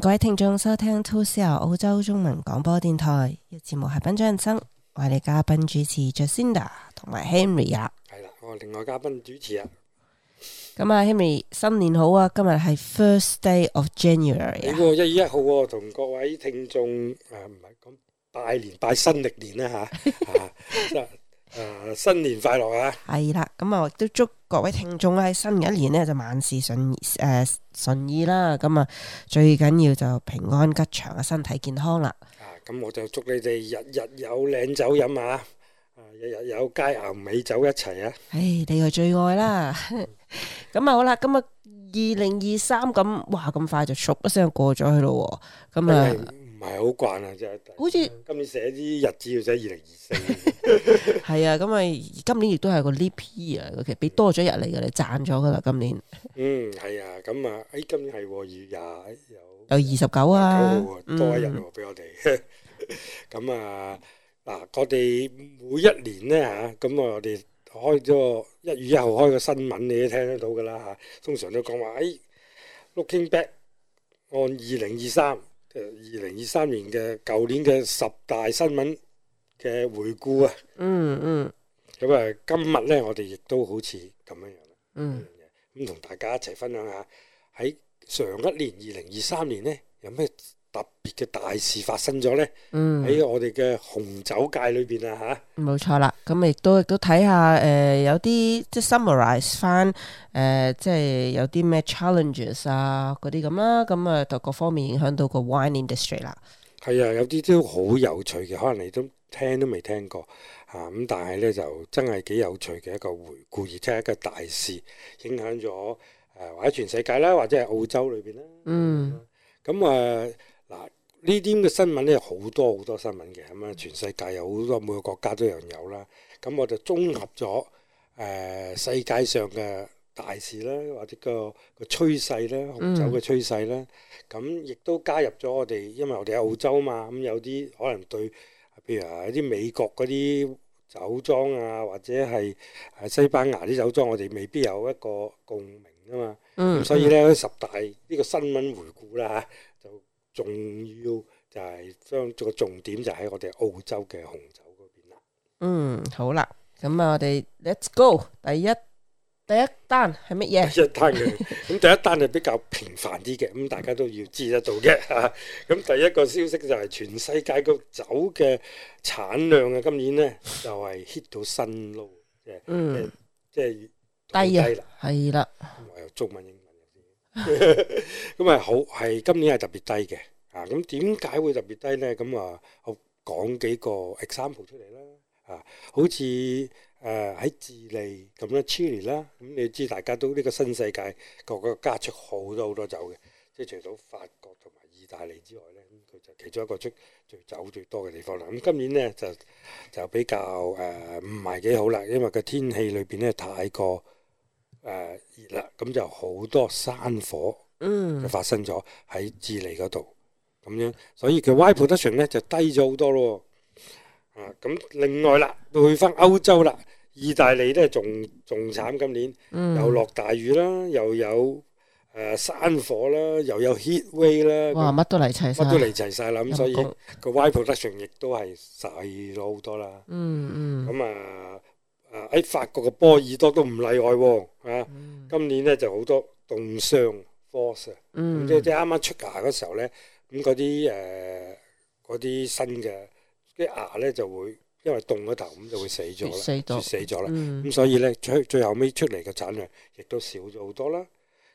各位聽眾收聽 2CR 澳洲中文廣播電台，嘅節目係《品酒人生》，我哋嘉賓主持 Jacinda 同埋 Henry 啊，係啦，我另外嘉賓主持啊，咁啊，Henry 新年好啊，今日係 First Day of January，一月一號喎，同各位聽眾啊，唔係咁拜年拜新歷年啦吓。誒，新年快樂啊！係啦，咁啊，亦都祝各位聽眾喺新年一年呢就萬事順誒順意啦，咁啊最緊要就平安吉祥啊，身體健康啦。啊，咁我就祝你哋日日有靚酒飲啊，日日有佳餚美酒一齊啊！唉，你係最愛啦，咁啊好啦，今日二零二三咁，哇咁快就唰一聲過咗去咯，咁啊。唔係好慣啊！真係好似今年寫啲日子要寫二零二四，係啊，咁啊，今年亦都係個 leap 啊，其實俾多咗日嚟嘅，你賺咗㗎啦，今年。嗯，係啊，咁啊，誒，今年係二月廿有有二十九啊，多一日喎，俾我哋。咁啊，嗱，我哋每一年咧嚇，咁啊，我哋開咗一月一號開個新聞，你都聽得到㗎啦嚇。通常都講話誒，looking back 按二零二三。二零二三年嘅舊年嘅十大新聞嘅回顧啊、嗯，嗯嗯，咁啊，今日呢，我哋亦都好似咁樣樣啦，嗯，咁同大家一齊分享下喺上一年二零二三年呢，有咩？特別嘅大事發生咗呢，喺、嗯、我哋嘅紅酒界裏邊啊嚇，冇錯啦。咁亦都亦都睇下誒、呃，有啲即係 summarize 翻誒，即係、呃、有啲咩 challenges 啊嗰啲咁啦。咁啊，就各方面影響到個 wine industry 啦。係啊，有啲都好有趣嘅，可能你都聽都未聽過嚇咁，但係呢，就真係幾有趣嘅一個回顧，而且係一個大事影響咗誒，或者全世界啦，或者係澳洲裏邊啦。嗯，咁啊、嗯。嗯。呢啲咁嘅新聞咧有好多好多新聞嘅，咁啊全世界有好多每個國家都有人有啦。咁我就綜合咗誒、呃、世界上嘅大事啦，或者個個趨勢啦，紅酒嘅趨勢啦。咁亦都加入咗我哋，因為我哋喺澳洲嘛，咁有啲可能對，譬如話啲美國嗰啲酒莊啊，或者係西班牙啲酒莊，我哋未必有一個共鳴啊嘛。嗯，所以咧，十大呢、這個新聞回顧啦嚇。重要就係將個重點就喺我哋澳洲嘅紅酒嗰邊啦。嗯，好啦，咁啊，我哋 Let's go，第一第一單係乜嘢？一單嘅，咁第一單係比較平凡啲嘅，咁大家都要知得到嘅吓。咁第一個消息就係全世界嘅酒嘅產量啊，今年咧就係 hit 到新低嘅，即係低啊，係啦。咁咪好係今年係特別低嘅，啊，咁點解會特別低呢？咁啊，我講幾個 example 出嚟啦，啊，好似誒喺智利咁樣，Chile 啦，咁你知大家都呢個新世界個個加出好多好多酒嘅，即係除咗法國同埋意大利之外呢，咁佢就其中一個出最酒最多嘅地方啦。咁今年呢就就比較誒唔係幾好啦，因為個天氣裏邊呢太過。誒、啊、熱啦，咁就好多山火就發生咗喺智利嗰度，咁、嗯、樣，所以佢 wine production 咧就低咗好多咯。啊，咁另外啦，去翻歐洲啦，意大利都係仲仲慘，今年又落、嗯、大雨啦，又有誒、呃、山火啦，又有 heatwave 啦，哇，乜樣都嚟齊，乜都嚟齊曬啦。咁、啊、所以個 wine production 亦都係晒咗好多啦。嗯嗯，咁、嗯嗯嗯、啊。啊啊啊啊啊啊啊！喺法國嘅波爾多都唔例外喎、啊，啊！嗯、今年咧就好多凍傷 force 啊、嗯，即即啱啱出牙嗰時候咧，咁嗰啲誒啲新嘅啲牙咧就會因為凍嗰頭咁就會死咗，死死咗啦。咁、嗯、所以咧最最後尾出嚟嘅產量亦都少咗好多啦。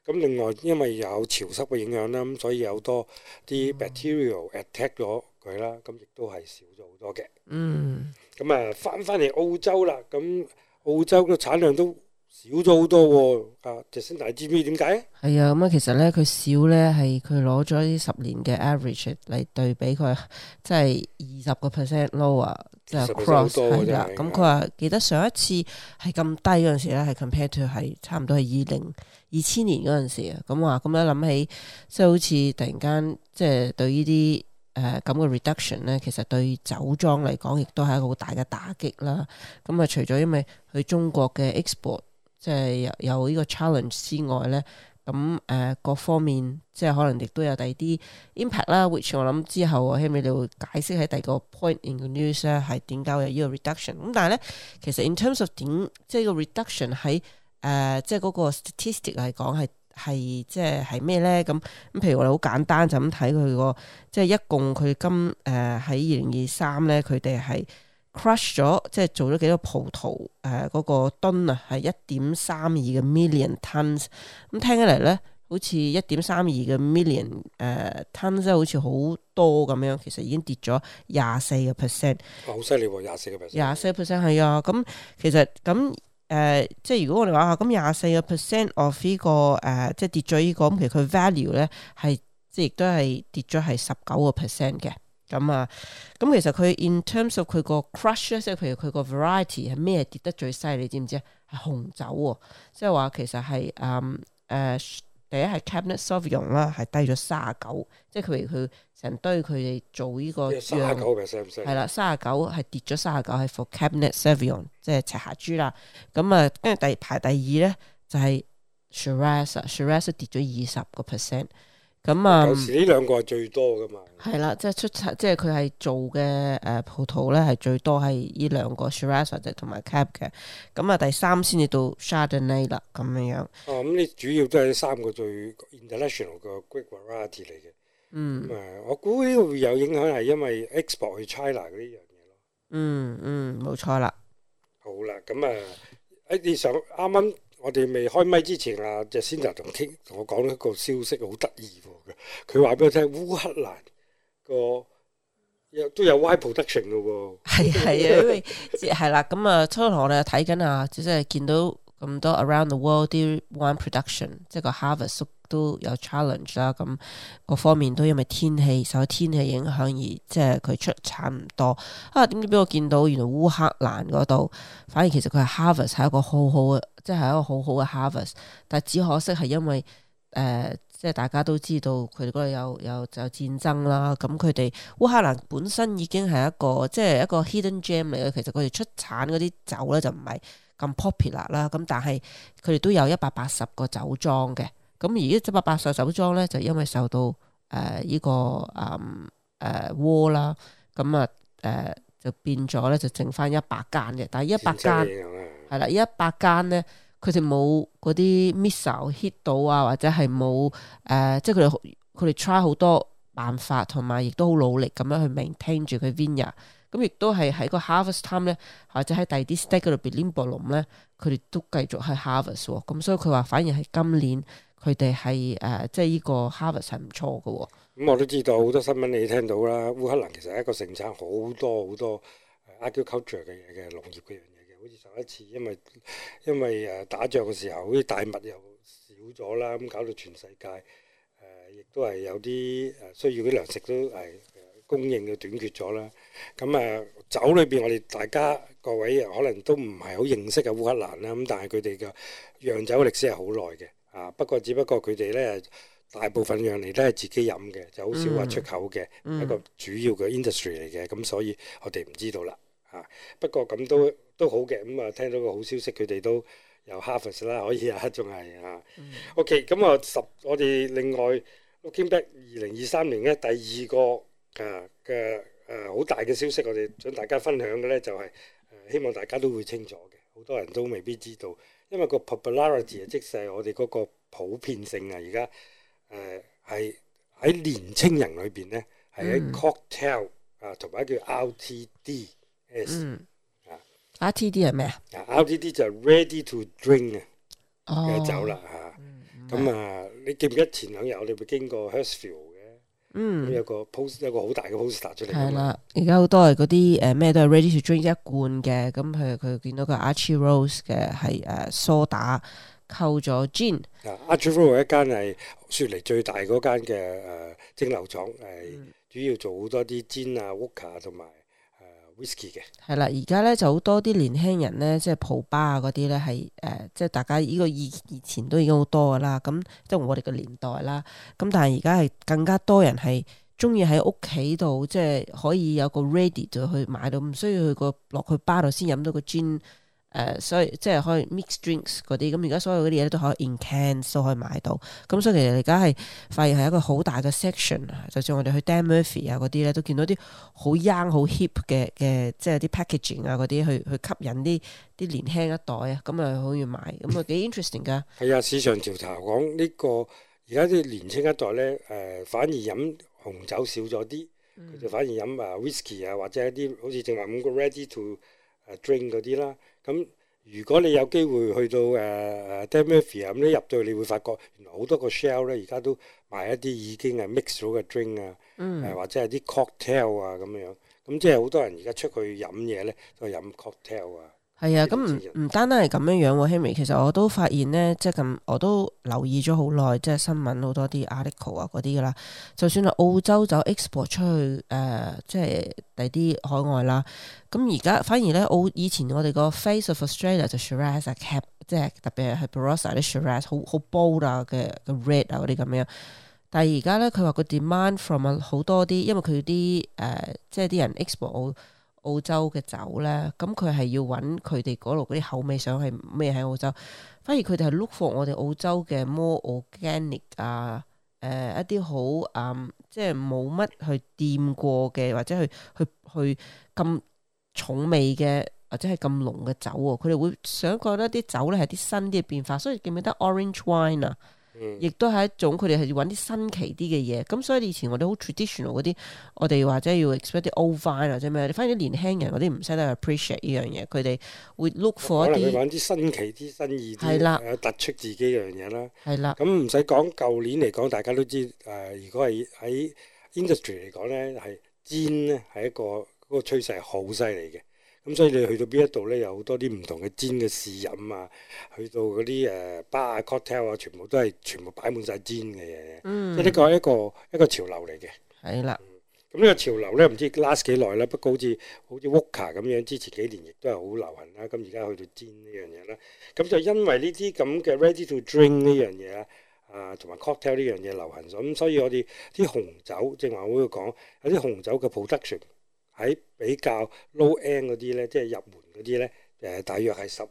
咁另外因為有潮濕嘅影響啦，咁所以有好多啲 bacterial attack 咗。嗯佢啦，咁亦都係少咗好多嘅。嗯，咁、嗯、啊，翻翻嚟澳洲啦，咁澳洲嘅產量都少咗好多喎。啊，陳生，大 g 唔知點解？係啊，咁啊，其實咧，佢少咧係佢攞咗啲十年嘅 average 嚟對比佢，即係二十個 percent lower 即 cross 啦。咁佢話記得上一次係咁低嗰陣時咧，係 compare to 係差唔多係二零二千年嗰陣時啊。咁話咁樣諗起，即係好似突然間，即、就、係、是、對呢啲。誒咁嘅 reduction 咧，其實對酒莊嚟講，亦都係一個好大嘅打擊啦。咁、嗯、啊，除咗因為佢中國嘅 export 即係有有呢個 challenge 之外咧，咁、嗯、誒各方面即係可能亦都有第二啲 impact 啦。which 我諗之後，希望你哋會解釋喺第二個 point in the news 咧，係點解有呢個 reduction？咁、嗯、但係咧，其實 in terms of 點、呃，即係個 reduction 喺誒即係嗰個 statistic 嚟講係。係即係係咩呢？咁咁，譬如我哋好簡單就咁睇佢個即係一共佢今誒喺二零二三呢，佢哋係 crush 咗，即係做咗幾多葡萄誒嗰、呃那個噸啊？係一點三二嘅 million tons。咁聽起嚟呢，好似一點三二嘅 million 誒 tons，即、呃、係好似好多咁樣。其實已經跌咗廿四個 percent。好犀利喎！廿四個 percent，廿四 percent 係啊。咁其實咁。誒，uh, 即係如果我哋話嚇，咁廿四個 percent of 呢個誒，即係跌咗呢、這個，咁、呃嗯嗯、其實佢 value 咧係即係亦都係跌咗係十九個 percent 嘅。咁啊，咁其實佢 in terms of 佢個 crush 咧，即係譬如佢個 variety 係咩跌得最犀利，你知唔知啊？係紅酒喎，即係話其實係誒誒。Um, uh, 第一係 Cabernet Sauvignon 啦，係低咗三啊九，即係譬如佢成堆佢哋做呢個，三啊九嘅，係唔係？係啦，三啊九係跌咗三啊九，係 for Cabernet Sauvignon，即係赤霞珠啦。咁啊，跟住第排第二咧就係 Shiraz，Shiraz 跌咗二十個 percent。咁啊，舊時呢兩個係最多噶嘛，係啦，即係出產，即係佢係做嘅誒葡萄咧，係最多係呢兩個 Shiraz 或者同埋 Cab 嘅，咁啊第三先至到 Chardonnay 啦咁樣樣。哦，咁你主要都係三個最 international 嘅 great variety 嚟嘅。嗯，我估呢個會有影響係因為 export 去 China 嗰啲樣嘢咯。嗯嗯，冇錯啦。嗯嗯、冇錯啦，好啦，咁、嗯、啊，誒你想啱啱？剛剛我哋未開麥之前啊，就先達同聽同我講一個消息，好好得意嘅。佢話俾我聽，烏克蘭個都有 wine production 嘅喎。 係係啊，因為係啦，咁啊，初頭我哋睇緊啊，即係見到咁多 around the world 啲 wine production，即係個 harvest。都有 challenge 啦，咁各方面都因為天氣，受天氣影響而即係佢出產唔多。啊，點知俾我見到，原來烏克蘭嗰度反而其實佢係 harvest 係一個好好嘅，即係一個好好嘅 harvest。但只可惜係因為誒、呃，即係大家都知道佢哋嗰度有有有戰爭啦。咁佢哋烏克蘭本身已經係一個即係一個 hidden gem 嚟嘅。其實佢哋出產嗰啲酒咧就唔係咁 popular 啦。咁但係佢哋都有一百八十個酒莊嘅。咁而一七百八十酒莊咧，就因為受到呢依、呃這個誒鍋啦，咁啊誒就變咗咧，就剩翻一百間嘅。但係一百、嗯、間係啦，一百間咧，佢哋冇嗰啲 missile hit 到啊，或者係冇誒，即係佢哋佢哋 try 好多辦法，同埋亦都好努力咁樣去 maintain 住佢 vine，咁亦都係喺個 harvest time 咧，或者喺第二啲 stage 度 beginning 嘅 moment 咧，佢哋都繼續喺 harvest 喎。咁、呃、所以佢話反而係今年。佢哋係誒，即係呢個 harvest 係唔錯嘅，哦。咁、嗯、我都知道好多新聞你都聽到啦。烏克蘭其實係一個盛產好多好多 agriculture 嘅嘅農業嘅樣嘢嘅，好似上一次因為因為誒打仗嘅時候，好似大麥又少咗啦，咁搞到全世界誒亦都係有啲誒需要啲糧食都係供應嘅短缺咗啦。咁、嗯、啊酒裏邊我哋大家各位可能都唔係好認識嘅烏克蘭啦，咁但係佢哋嘅釀酒歷史係好耐嘅。啊！不過只不過佢哋咧，大部分樣嚟都係自己飲嘅，就好少話出口嘅、mm hmm. 一個主要嘅 industry 嚟嘅。咁、嗯、所以我哋唔知道啦。啊！不過咁都都好嘅。咁、嗯、啊，聽到個好消息，佢哋都有 harvest 啦，可以啊，仲係啊。Mm hmm. O.K. 咁、嗯、啊，十、嗯、我哋另外 looking back 二零二三年咧，第二個啊嘅誒好大嘅消息，我哋想大家分享嘅咧、就係，就、啊、係希望大家都會清楚嘅，好多人都未必知道。因為個 popularity 啊，即係我哋嗰個普遍性啊，而家誒係喺年青人裏邊咧，係喺 cocktail 啊，同埋叫 RTDs 啊，RTD 係咩啊？RTD、啊、RTD 就 ready to drink、哦、啊嘅酒啦嚇，咁、嗯嗯、啊，你記唔記得前兩日我哋會經過 Hersfield？嗯，有個 post，有個好大嘅 poster 出嚟。係啦，而家好多係嗰啲誒咩都係 ready to drink 一罐嘅，咁佢佢見到個 Archie Rose 嘅係誒梳打溝咗 gin、嗯。Archie Rose 一間係雪梨最大嗰間嘅誒蒸餾廠，係、呃嗯、主要做好多啲 gin 啊、vodka 同、啊、埋。嘅係啦，而家咧就好多啲年輕人咧，即係蒲吧啊嗰啲咧係誒，即係大家呢個以以前都已經好多㗎啦，咁即係我哋嘅年代啦。咁但係而家係更加多人係鍾意喺屋企度，即係可以有個 ready 就去買到，唔需要去個落去吧度先飲到個樽。誒，uh, 所以即係可以 mix drinks 嗰啲咁，而家所有嗰啲嘢都可以 in cans 都可以買到。咁所以其實而家係發現係一個好大嘅 section。就算我哋去 Dan Murphy 啊嗰啲咧，都見到啲好 young 好 hip 嘅嘅，即係啲 packaging 啊嗰啲去去吸引啲啲年輕一代啊。咁又好易買，咁啊幾 interesting 㗎。係啊， 市場調查講呢個而家啲年輕一代咧誒、呃，反而飲紅酒少咗啲，佢就、嗯、反而飲啊 whisky 啊，或者一啲好似正話嗰個 ready to drink 嗰啲啦。咁、嗯、如果你有機會去到誒誒 Temeria 咁咧入到去，你會發覺原來好多個 shell 咧而家都賣一啲已經係 mix 咗嘅 drink 啊，嗯啊，嗯，或者係啲 cocktail 啊咁樣。咁即係好多人而家出去飲嘢咧都係飲 cocktail 啊。係啊，咁唔唔單單係咁樣樣喎，Henry，其實我都發現呢，即係咁，我都留意咗好耐，即係新聞好多啲 article 啊嗰啲啦。就算係澳洲就 export 出去誒、呃，即係第啲海外啦。咁而家反而呢，澳以前我哋個 face of Australia 就 Shiraz, Cab，即係特別係 Barossa 啲 Shiraz 好好 bold 啊嘅 red 啊嗰啲咁樣。但係而家呢，佢話個 demand from 好多啲，因為佢啲誒即係啲人 export。澳洲嘅酒呢，咁佢係要揾佢哋嗰度嗰啲口味上係咩，喺澳洲，反而佢哋係 look for 我哋澳洲嘅 more organic 啊，誒、呃、一啲好嗯即係冇乜去掂過嘅，或者去去去咁重味嘅，或者係咁濃嘅酒喎，佢哋會想覺得啲酒呢係啲新啲嘅變化，所以記唔記得 orange wine 啊？亦都係一種，佢哋係要揾啲新奇啲嘅嘢。咁所以以前我哋好 traditional 嗰啲，我哋或者要 expect 啲 old vine 或者咩。反而啲年輕人嗰啲唔識得 appreciate 呢樣嘢，佢哋會 look for 一啲可能揾啲新奇啲、新意啲，有的、啊、突出自己樣嘢啦。係啦的，咁唔使講。舊年嚟講，大家都知誒、呃，如果係喺 industry 嚟講咧，係 gin 咧，係一個嗰、嗰個趨勢係好犀利嘅。咁所以你去到邊一度咧，有好多啲唔同嘅煎嘅試飲啊，去到嗰啲誒 bar 啊、cocktail 啊，全部都係全部擺滿晒煎嘅嘢。即係呢個一個一個潮流嚟嘅。係啦、嗯。咁、嗯、呢、嗯嗯這個潮流咧，唔知 last 幾耐啦。不過好似好似 Woka 咁樣，之前幾年亦都係好流行啦。咁而家去到煎呢樣嘢啦。咁就因為呢啲咁嘅 ready to drink 呢樣嘢啊，同埋 cocktail 呢樣嘢流行咗。咁、嗯，所以我哋啲紅酒正話會講有啲紅酒嘅 production。喺比較 low end 嗰啲咧，即係入門嗰啲咧，誒大約係十誒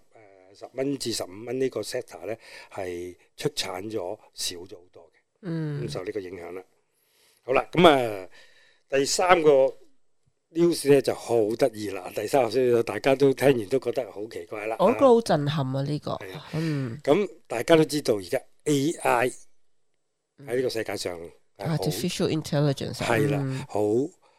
十蚊至十五蚊呢個 sector 咧，係出產咗少咗好多嘅，嗯，咁受呢個影響啦。好啦，咁啊第三個 news 咧就好得意啦，第三個消息大家都聽完都覺得好奇怪啦。我覺得好震撼啊！呢個，嗯，咁大家都知道而家 AI 喺呢個世界上，artificial intelligence 係啦，好。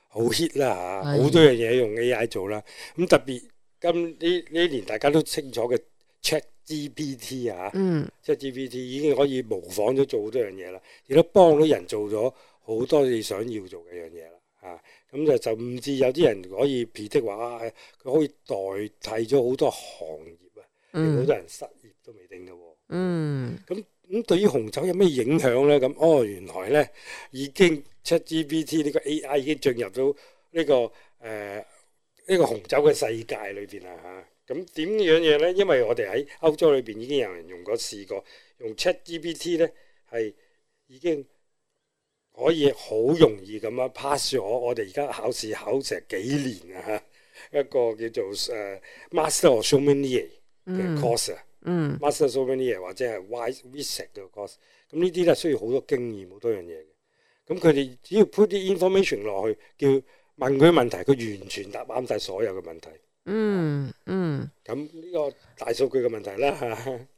好 hit 啦嚇，好、嗯、多樣嘢用 AI 做啦。咁、嗯、特別今呢呢年大家都清楚嘅 ChatGPT 啊、嗯、，ChatGPT 已經可以模仿咗做好多樣嘢啦，亦都幫到人做咗好多你想要做嘅樣嘢啦。啊，咁就甚至有啲人可以 predict 話，佢可以代替咗好多行業啊，好多人失業都未定嘅喎。嗯，咁咁、嗯嗯、對於紅酒有咩影響呢？咁哦，原來呢已經。ChatGPT 呢個 AI 已經進入到呢、這個誒呢、呃這個紅酒嘅世界裏邊啦嚇。咁、啊、點、嗯嗯、樣嘢咧？因為我哋喺歐洲裏邊已經有人用過試過用 ChatGPT 咧，係已經可以好容易咁樣 pass 咗我哋而家考試考成幾年啊嚇一個叫做誒、啊、Master of Sommelier 嘅 course，Master、嗯嗯、Sommelier 或者係 Wise w i、嗯嗯、s d o 嘅 course。咁呢啲咧需要好多經驗，好多樣嘢。咁佢哋只要 put 啲 information 落去，叫問佢問題，佢完全答啱晒所有嘅問題。嗯嗯。咁、嗯、呢、啊這個大數據嘅問題啦嚇。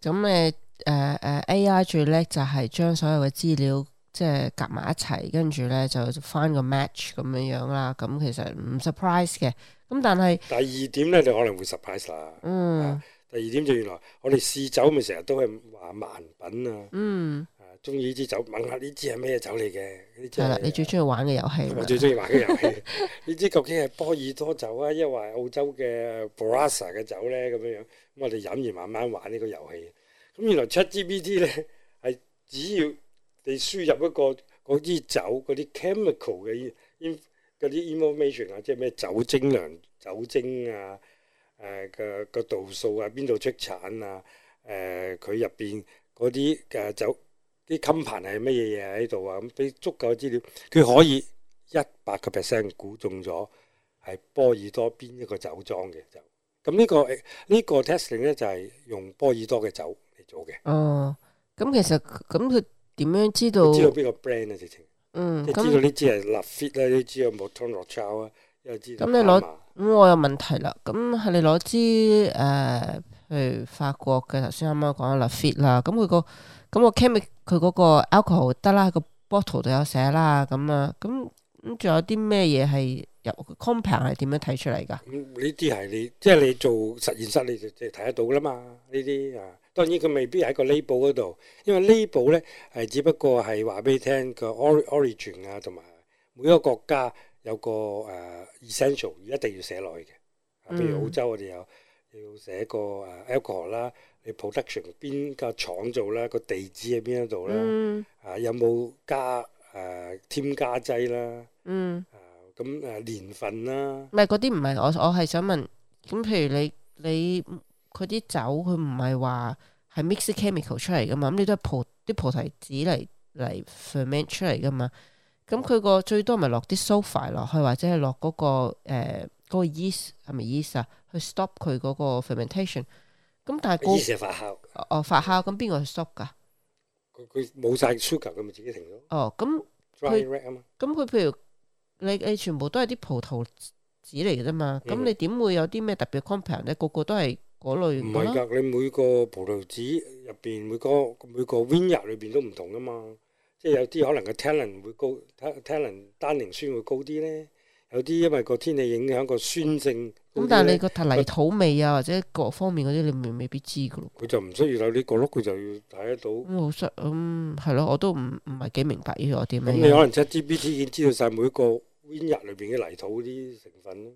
咁、嗯嗯、 你誒、呃啊、AI 最叻就係將所有嘅資料即係夾埋一齊，跟住咧就 find 個 match 咁樣樣啦。咁其實唔 surprise 嘅。咁但係第二點咧就可能會 surprise 啦。嗯、啊。第二點就原來我哋試酒咪成日都係話盲品啊。嗯。中意呢支酒，問下呢支係咩酒嚟嘅？呢支係啦，你最中意玩嘅遊戲。啊、我最中意玩嘅遊戲，呢支 究竟係波爾多酒啊，抑或澳洲嘅 Barossa 嘅酒呢？咁樣樣。咁我哋飲完慢慢玩呢個遊戲。咁原來 ChatGPT 呢，係只要你輸入一個嗰啲酒嗰啲 chemical 嘅嗰啲 information 啊，即係咩酒精量、酒精啊、誒個個度數啊、邊度出產啊、誒佢入邊嗰啲嘅酒。啲襟盤係乜嘢嘢喺度啊？咁俾足夠資料，佢可以一百個 percent 估中咗係波爾多邊一個酒莊嘅酒。咁呢個呢個 testing 咧就係用波爾多嘅酒嚟做嘅。哦，咁其實咁佢點樣知道？知道邊個 brand 啊直情？嗯，即係知道呢支係 Lafite 啦，呢支有木通諾查啊，又知道卡瑪。咁你攞？咁我有問題啦。咁係你攞支誒，譬如法國嘅，頭先啱啱講 Lafite 啦，咁佢個。咁我 chemical 佢嗰個 alcohol 得啦，個 bottle 度有寫啦，咁啊，咁咁仲有啲咩嘢係由 compound 係點樣睇出嚟噶？嗯，呢啲係你即係你做實驗室你就睇得到啦嘛。呢啲啊，當然佢未必喺個 label 嗰度，因為 label 咧係只不過係話俾你聽個 origin 啊，同埋每一個國家有個誒 essential 一定要寫落去嘅。譬、啊、如澳洲我哋有要寫個誒、啊、alcohol 啦。你 production 邊個廠做啦？個地址喺邊一度咧？嗯、啊，有冇加誒、呃、添加劑啦？嗯，咁誒、啊、年份啦。唔係嗰啲，唔係我我係想問，咁譬如你你佢啲酒佢唔係話係 mix chemical c 出嚟噶嘛？咁你都係葡啲葡提子嚟嚟 ferment 出嚟噶嘛？咁佢、嗰個最多咪落啲 sulfur 落去，或者係落嗰個誒嗰、呃嗰個 yeast 係咪 yeast 啊？去 stop 佢嗰個 fermentation。咁但係嗰，酵，哦，發酵咁邊個去縮噶？佢冇晒 sugar，佢咪自己停咗。哦，咁，咁佢譬如你你全部都係啲葡萄籽嚟嘅啫嘛？咁、嗯、你點會有啲咩特別 compound 咧？個個都係嗰類唔係噶，你每個葡萄籽入邊每個每個 wine 裏邊都唔同噶嘛？即係有啲可能個 tannin 會高 tannin 單寧酸會高啲咧。有啲因為個天氣影響個酸性，咁但係你個泥土味啊，或者各方面嗰啲，你未未必知噶咯。佢就唔需要有呢個咯，佢就要睇得到。咁好衰，咁係咯，我都唔唔係幾明白依我啲乜嘢。你可能即係 GPT 已經知道晒每個 winery 裏邊嘅泥土啲成分咯。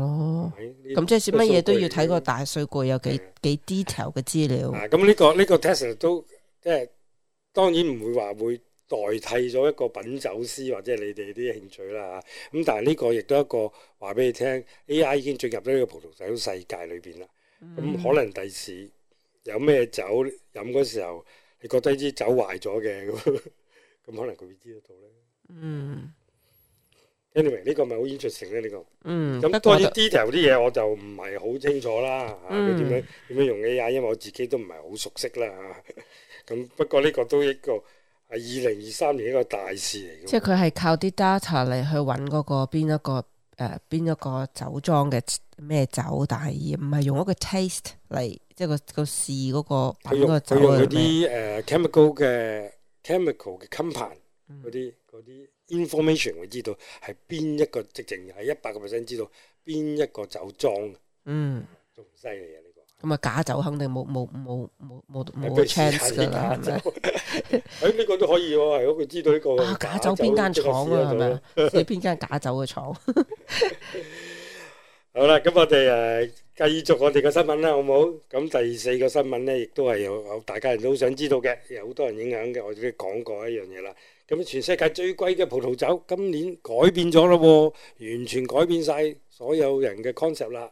哦，咁即係乜嘢都要睇個大水罐有幾幾 detail 嘅資料。咁呢個呢個 test 都即係當然唔會話會。代替咗一個品酒師或者係你哋啲興趣啦嚇，咁但係呢個亦都一個話俾你聽，A.I. 已經進入咗呢個葡萄酒世界裏邊啦。咁、嗯、可能第時有咩酒飲嗰時候，你覺得呢啲酒壞咗嘅，咁可能佢會知道到、嗯 anyway, 呢。anyway 呢個咪好 interesting 咧呢個。咁多啲 detail 啲嘢我就唔係好清楚啦。嚇、嗯，佢點樣點樣用 A.I.？因為我自己都唔係好熟悉啦。嚇，咁不過呢個都一個。係二零二三年一個大事嚟，即係佢係靠啲 data 嚟去揾嗰個邊一個誒邊、呃、一個酒莊嘅咩酒，但係唔係用一個 taste 嚟，即係個試個試嗰個嗰個酒嘅嗰啲誒 chemical 嘅、嗯、chemical 嘅 component 嗰啲嗰啲 information，我知道係邊一個直情係一百個 percent 知道邊一個酒莊，嗯，仲犀利。咁啊假酒肯定冇冇冇冇冇冇個 chance 噶啦，係咪？誒呢個都可以喎，係我哋知道呢個。啊假酒邊間廠啊？係咪？即係邊間假酒嘅廠？好啦，咁我哋誒繼續我哋嘅新聞啦，好唔好？咁第四個新聞咧，亦都係有大家人都好想知道嘅，有好多人影響嘅，我哋都講過一樣嘢啦。咁全世界最貴嘅葡萄酒今年改變咗啦，完全改變晒所有人嘅 concept 啦，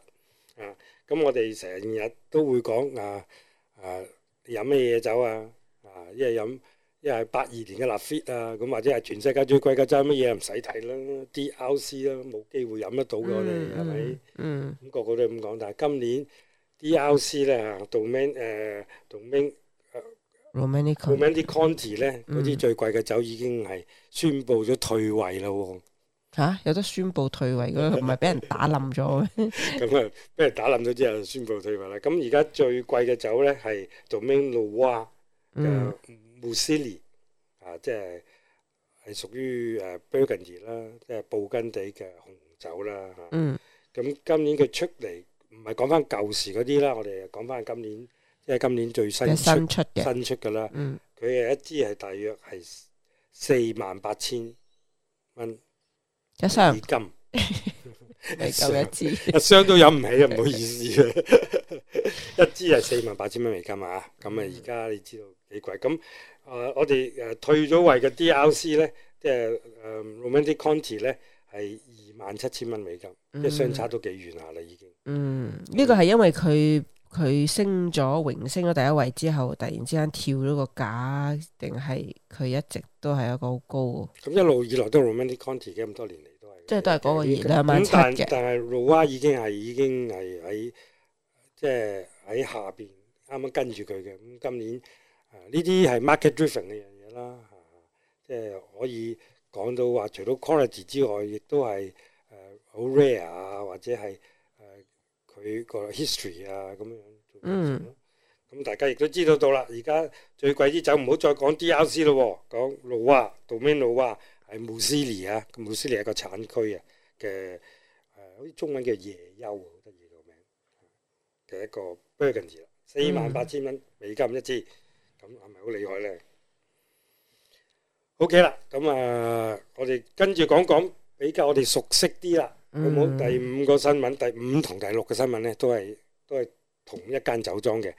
啊！咁我哋成日都會講，啊、啊飲咩嘢酒啊，啊一係飲一係八二年嘅 f 拉菲，啊咁、啊、或者係全世界最貴嘅酒，乜嘢唔使睇啦 DRC 都、啊、冇機會飲得到嘅，我哋係咪？嗯，咁吧、嗯、個個都咁講，但係今年 DRC 咧，啊 Domaine 誒 Domaine Romanée Domaine 啲 Conti 咧，嗰啲最貴嘅酒已經係宣布咗退位啦喎！嚇、啊、有得宣布退位嘅，唔係俾人打冧咗咩？咁 啊、 嗯，俾、嗯、人打冧咗之後，宣布退位啦。咁而家最貴嘅酒咧、嗯，係 Domaine Leroy 嘅 Musigny 啊，即係係屬於誒 Burgundy 啦，即係布根地嘅紅酒啦。嗯，咁今年佢出嚟唔係講翻舊時嗰啲啦，我哋講翻今年，即係今年最新出最新出嘅啦，佢係、嗯、一支係大約係四萬八千蚊。一箱美金，有 一支 一箱都飲唔起啊！唔 好意思， 一支係四萬八千蚊美金啊！咁啊，而家你知道幾貴？咁啊、呃，我哋誒退咗位嘅 DLC 咧，即係誒 Romantic Conti 咧，係、呃、二萬七千蚊美金，嗯、即係相差都幾遠下啦已經。嗯，呢個係因為佢佢升咗榮升咗第一位之後，突然之間跳咗個價，定係佢一直都係一個好高？咁一路以來都係 Romantic Conti 嘅咁多年，即係都係嗰個二、嗯、兩萬七嘅。但係，老蛙已經係已經係喺即係喺下邊，啱啱跟住佢嘅。咁今年呢啲係 market driven 嘅樣嘢啦，呃、即係可以講到話，除咗 quality 之外，亦都係誒好 rare 啊，或者係誒佢、呃、個 history 啊咁樣。嗯。咁大家亦都知道到啦，而家最貴啲酒唔好再講 DRC 咯，講老蛙、Domaine 老蛙。係穆斯利啊，穆斯利係一個產區啊嘅，誒，好似中文叫夜丘啊，好得意個名。嘅一個 Burgundy 啦，四萬八千蚊美金一支，咁係咪好厲害咧？OK 啦，咁啊，我哋跟住講講比較我哋熟悉啲啦，好冇？第五個新聞，第五同第六個新聞咧，都係都係同一間酒莊嘅，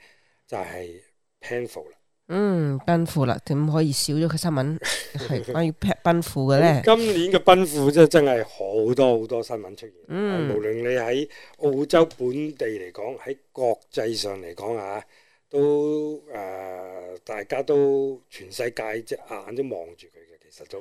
就係 Penfolds。嗯，奔富啦，點可以少咗個新聞係關於 p 奔富嘅咧？ 今年嘅奔富真真係好多好多新聞出現。嗯，無論你喺澳洲本地嚟講，喺國際上嚟講啊，都誒、呃，大家都全世界隻眼都望住佢嘅，其實都，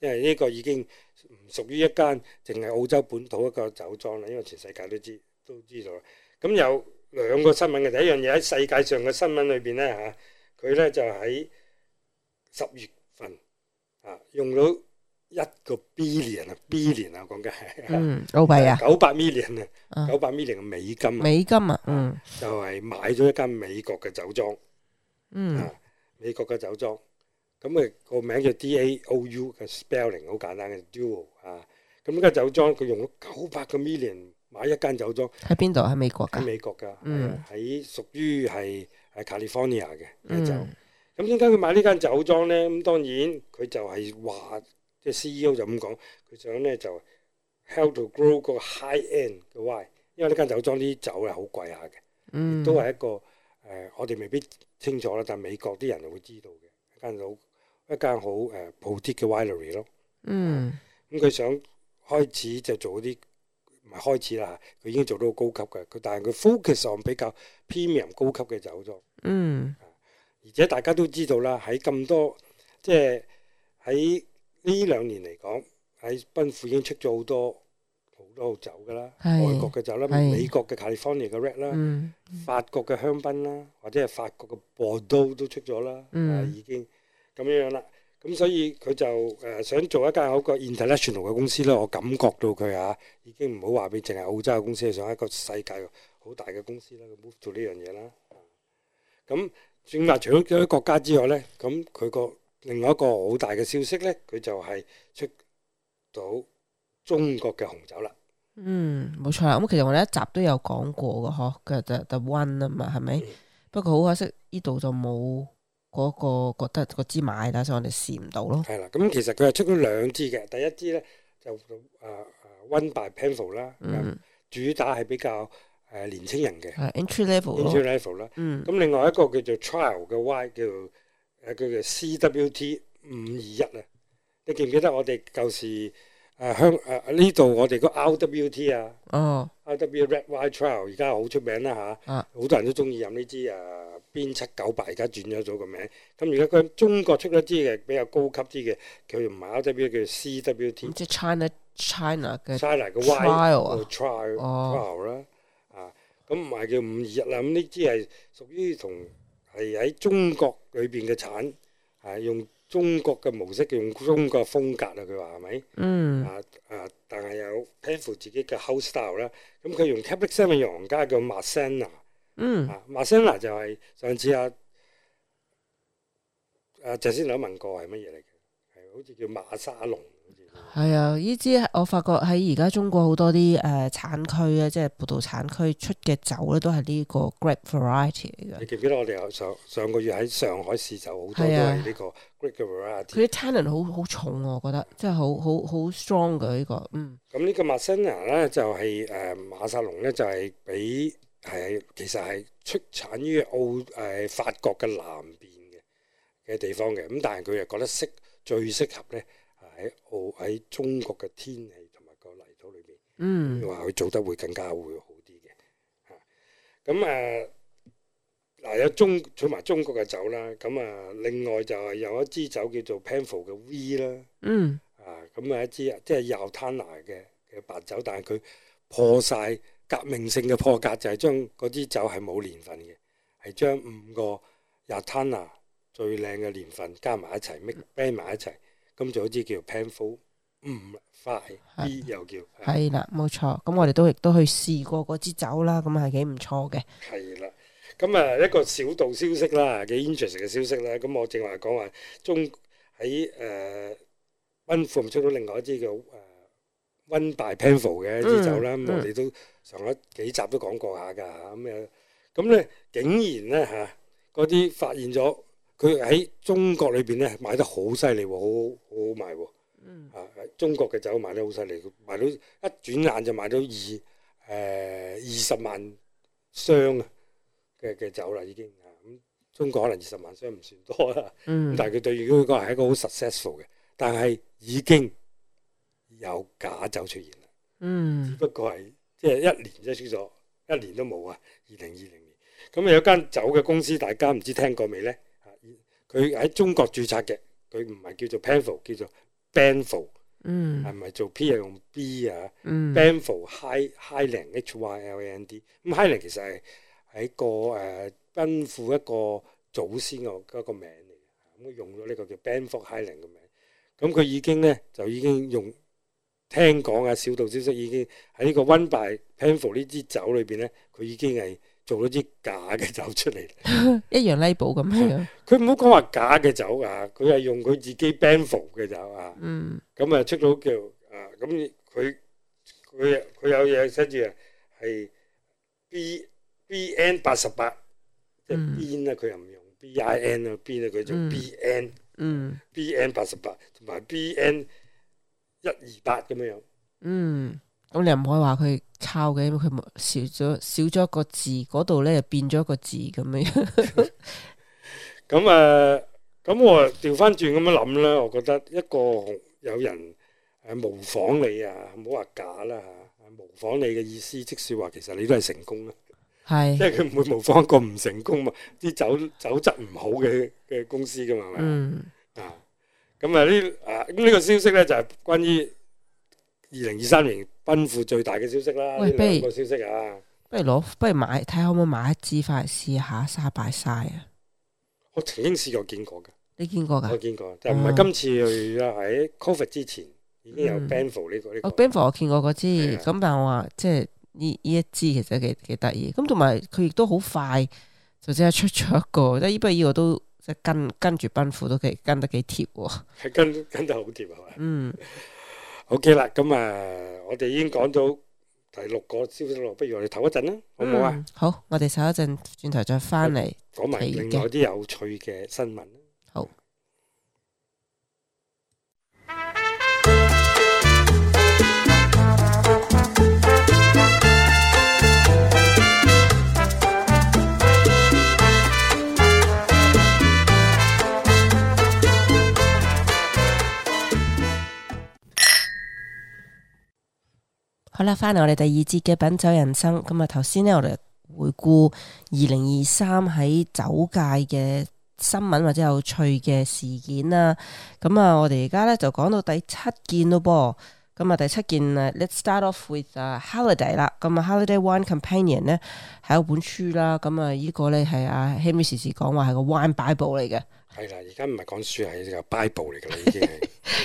因為呢個已經唔屬於一間淨係澳洲本土一個酒莊啦，因為全世界都知都知道啦。咁有兩個新聞嘅，第一樣嘢喺世界上嘅新聞裏邊咧吓。啊佢咧就喺十月份啊，用咗一個 billion 啊，billion 啊，講緊係嗯，九百啊，九百 million 啊，九百 million 美金啊，美金啊，嗯，就係買咗一間美國嘅酒莊，嗯，美國嘅酒莊，咁啊個名叫 DAOU 嘅 spelling 好簡單嘅 duo 啊，咁呢間酒莊佢用咗九百個 million 買一間酒莊，喺邊度？喺美國㗎，喺美國㗎，嗯，喺屬於係。喺 California 嘅酒，咁點解佢買呢間酒莊呢？咁當然佢就係話，即、就、係、是、CEO 就咁講，佢想呢就 help to grow 嗰個 high end 嘅 wine 因為呢間酒莊啲酒係好貴下嘅，都係一個誒、呃，我哋未必清楚啦，但係美國啲人會知道嘅一間好一間好誒 boutique 嘅 vinery 咯。咁佢、嗯嗯嗯、想開始就做一啲。咪開始啦，佢已經做到好高級嘅，佢但係佢 focus on 比較 premium 高級嘅酒莊。嗯，而且大家都知道啦，喺咁多即係喺呢兩年嚟講，喺奔富已經出咗好多好多酒㗎啦，是外國嘅酒啦，是美國嘅 California 嘅 Red 啦、嗯，法國嘅香檳啦，或者係法國嘅波都都出咗啦，嗯、啊已經咁樣啦。咁所以佢就誒想做一間好個 international 嘅公司咧，我感覺到佢啊已經唔好話俾淨係澳洲嘅公司，想一個世界好大嘅公司啦，咁做呢樣嘢啦。咁轉話除咗國家之外咧，咁佢個另外一個好大嘅消息咧，佢就係出到中國嘅紅酒啦。嗯，冇錯啦。咁其實我哋一集都有講過㗎呵，佢係 the one 啊嘛，係咪？不過好可惜呢度就冇。嗰個覺得嗰支買，打係我哋試唔到咯。係啦、嗯，咁其實佢係出咗兩支嘅，第一支咧就誒誒 One by Penfolds 啦，主打係比較誒年輕人嘅，entry、啊、level，entry level 啦。咁、嗯、另外一個叫做 Trial 嘅 Y，叫、啊、叫做誒佢 CWT 五二一啊。你記唔記得我哋舊時誒香誒呢度我哋個 RWT 啊？哦，RWT Red Wine Trial 而家好出名啦吓，好、啊啊、多人都中意飲呢支啊。邊七九八而家轉咗咗個名，咁而家佢中國出咗啲嘅比較高級啲嘅，佢唔係嗰啲叫 CWT，即 China China 嘅 China 嘅 trial 啊，trial 啦，啊，咁唔係叫五二一啦，咁呢啲係屬於同係喺中國裏邊嘅產，係用中國嘅模式，用中國風格啊，佢話係咪？嗯，啊啊，但係有 take for 自己嘅 house style 啦，咁佢用 Capricci 嘅皇家嘅 Masana。嗯，啊，瑪莎娜就係上次啊，啊鄭先生問過係乜嘢嚟嘅？係好似叫馬沙龍，好似係啊！呢支我發覺喺而家中國好多啲誒、呃、產區咧，即係葡萄產區出嘅酒咧，都係呢個 grape variety 嚟嘅。你記唔記得我哋上上個月喺上海試酒好多都係呢個 grape variety？佢啲 tannin 好好重啊，我覺得，即係好好好 strong 嘅呢個。嗯，咁呢、嗯嗯這個瑪莎娜咧就係、是、誒、呃、馬沙龍咧就係畀。係，其實係出產於澳、誒、啊、法國嘅南邊嘅嘅地方嘅，咁但係佢又覺得適最適合咧，喺澳喺中國嘅天氣同埋個泥土裏邊，嗯，話佢做得會更加會好啲嘅。咁啊，嗱有中取埋中國嘅酒啦，咁啊，另外就係有一支酒叫做 Pample 嘅 V 啦，嗯，啊，咁啊一支即係又攤拿嘅嘅白酒，但係佢破晒。革命性嘅破格就係將嗰支酒係冇年份嘅，係將五個 Natana 最靚嘅年份加埋一齊 make 埋一齊，咁就好似叫 Penfolds five 又叫係啦，冇錯。咁我哋都亦都去試過嗰支酒啦，咁係幾唔錯嘅。係啦，咁啊一個小道消息啦，幾 interest 嘅消息啦。咁我正話講話中喺誒 Winform 出咗另外一支叫誒 Win 大 Penfolds 嘅一支酒啦，嗯嗯、我哋都。上一幾集都講過下㗎，咁樣咁咧，竟然咧嚇嗰啲發現咗佢喺中國裏邊咧賣得好犀利喎，好好好賣喎。嗯啊，中國嘅酒賣得好犀利，賣到一轉眼就賣到二誒、呃、二十萬箱嘅嘅酒啦，已經啊咁。中國可能二十萬箱唔算多啦，嗯但，但係佢對於呢個係一個好 successful 嘅，但係已經有假酒出現啦。嗯，只不過係。即係一年即少咗，一年都冇啊！二零二零年咁有間酒嘅公司，大家唔知聽過未呢？佢喺中國註冊嘅，佢唔係叫做 Penfolds 叫做 Banfor，嗯，係咪做 P 啊用 B 啊、嗯？嗯，Banfor Hylnd 咁 Hylnd 其實係一個誒奔赴一個祖先嘅一個名嚟嘅，咁用咗呢個叫 Banfor Hylnd 嘅名，咁佢已經呢，就已經用。聽講啊，小道消息已經喺呢個 Winbar Penfold 呢支酒裏邊呢，佢已經係做咗支假嘅酒出嚟， 一樣拉布咁樣。佢唔好講話假嘅酒啊，佢係、嗯、用佢自己 Penfold 嘅酒啊。嗯。咁啊出到叫啊，咁佢佢佢有嘢寫住係 B B N 八十八，即係邊啊？佢又唔用 B I N 啊，邊啊？佢做 B N。嗯。B N 八十八同埋 B N。一二八咁樣樣，嗯，咁你又唔可以話佢抄嘅，因為佢少咗少咗一個字，嗰度咧又變咗一個字咁樣、 嗯。咁、嗯、誒，咁我調翻轉咁樣諗咧，我覺得一個有人誒模仿你啊，唔好話假啦吓，模仿你嘅意思，即使話其實你都係成功啦，係，是 因為佢唔會模仿一個唔成功嘛，啲走走質唔好嘅嘅公司噶嘛，係咪？嗯，啊。咁啊！呢啊咁呢個消息咧就係關於二零二三年奔富最大嘅消息啦。喂，呢兩個消息啊，不如攞，不如買睇下可唔可以買一支翻嚟試下，沙敗曬啊！我曾經試過見過嘅，你見過㗎？我見過，但唔係今次去啦，喺 Covid 之前已經有 Penfolds、這、呢個呢個。Penfolds 我見過嗰支，咁是的 但係我話即係呢呢一支其實幾幾得意。咁同埋佢亦都好快就即係出咗一個，即係依筆依個都。跟跟住，奔富都幾跟得幾貼喎，跟跟得好貼係咪？嗯，OK 啦，咁啊，我哋已經講咗第六個消息咯，不如我哋唞一陣啦，好唔好啊、嗯？好，我哋唞一陣，轉頭再翻嚟講埋另外啲有趣嘅新聞。嗯好啦，翻嚟我哋第二節嘅品酒人生。咁啊，頭先呢，我哋回顧二零二三喺酒界嘅新聞或者有趣嘅事件啦。咁啊，我哋而家呢，就講到第七件咯噃。咁啊，第七件啊，Let's start off with 啊 Halliday 啦。咁啊，Halliday Wine Companion 咧係一本書啦。咁啊，依個咧係阿 Henry Sir 講話係個 Wine Bible 嚟嘅。係啦，而家唔係講書啊，係個 Bible 嚟㗎啦，已經係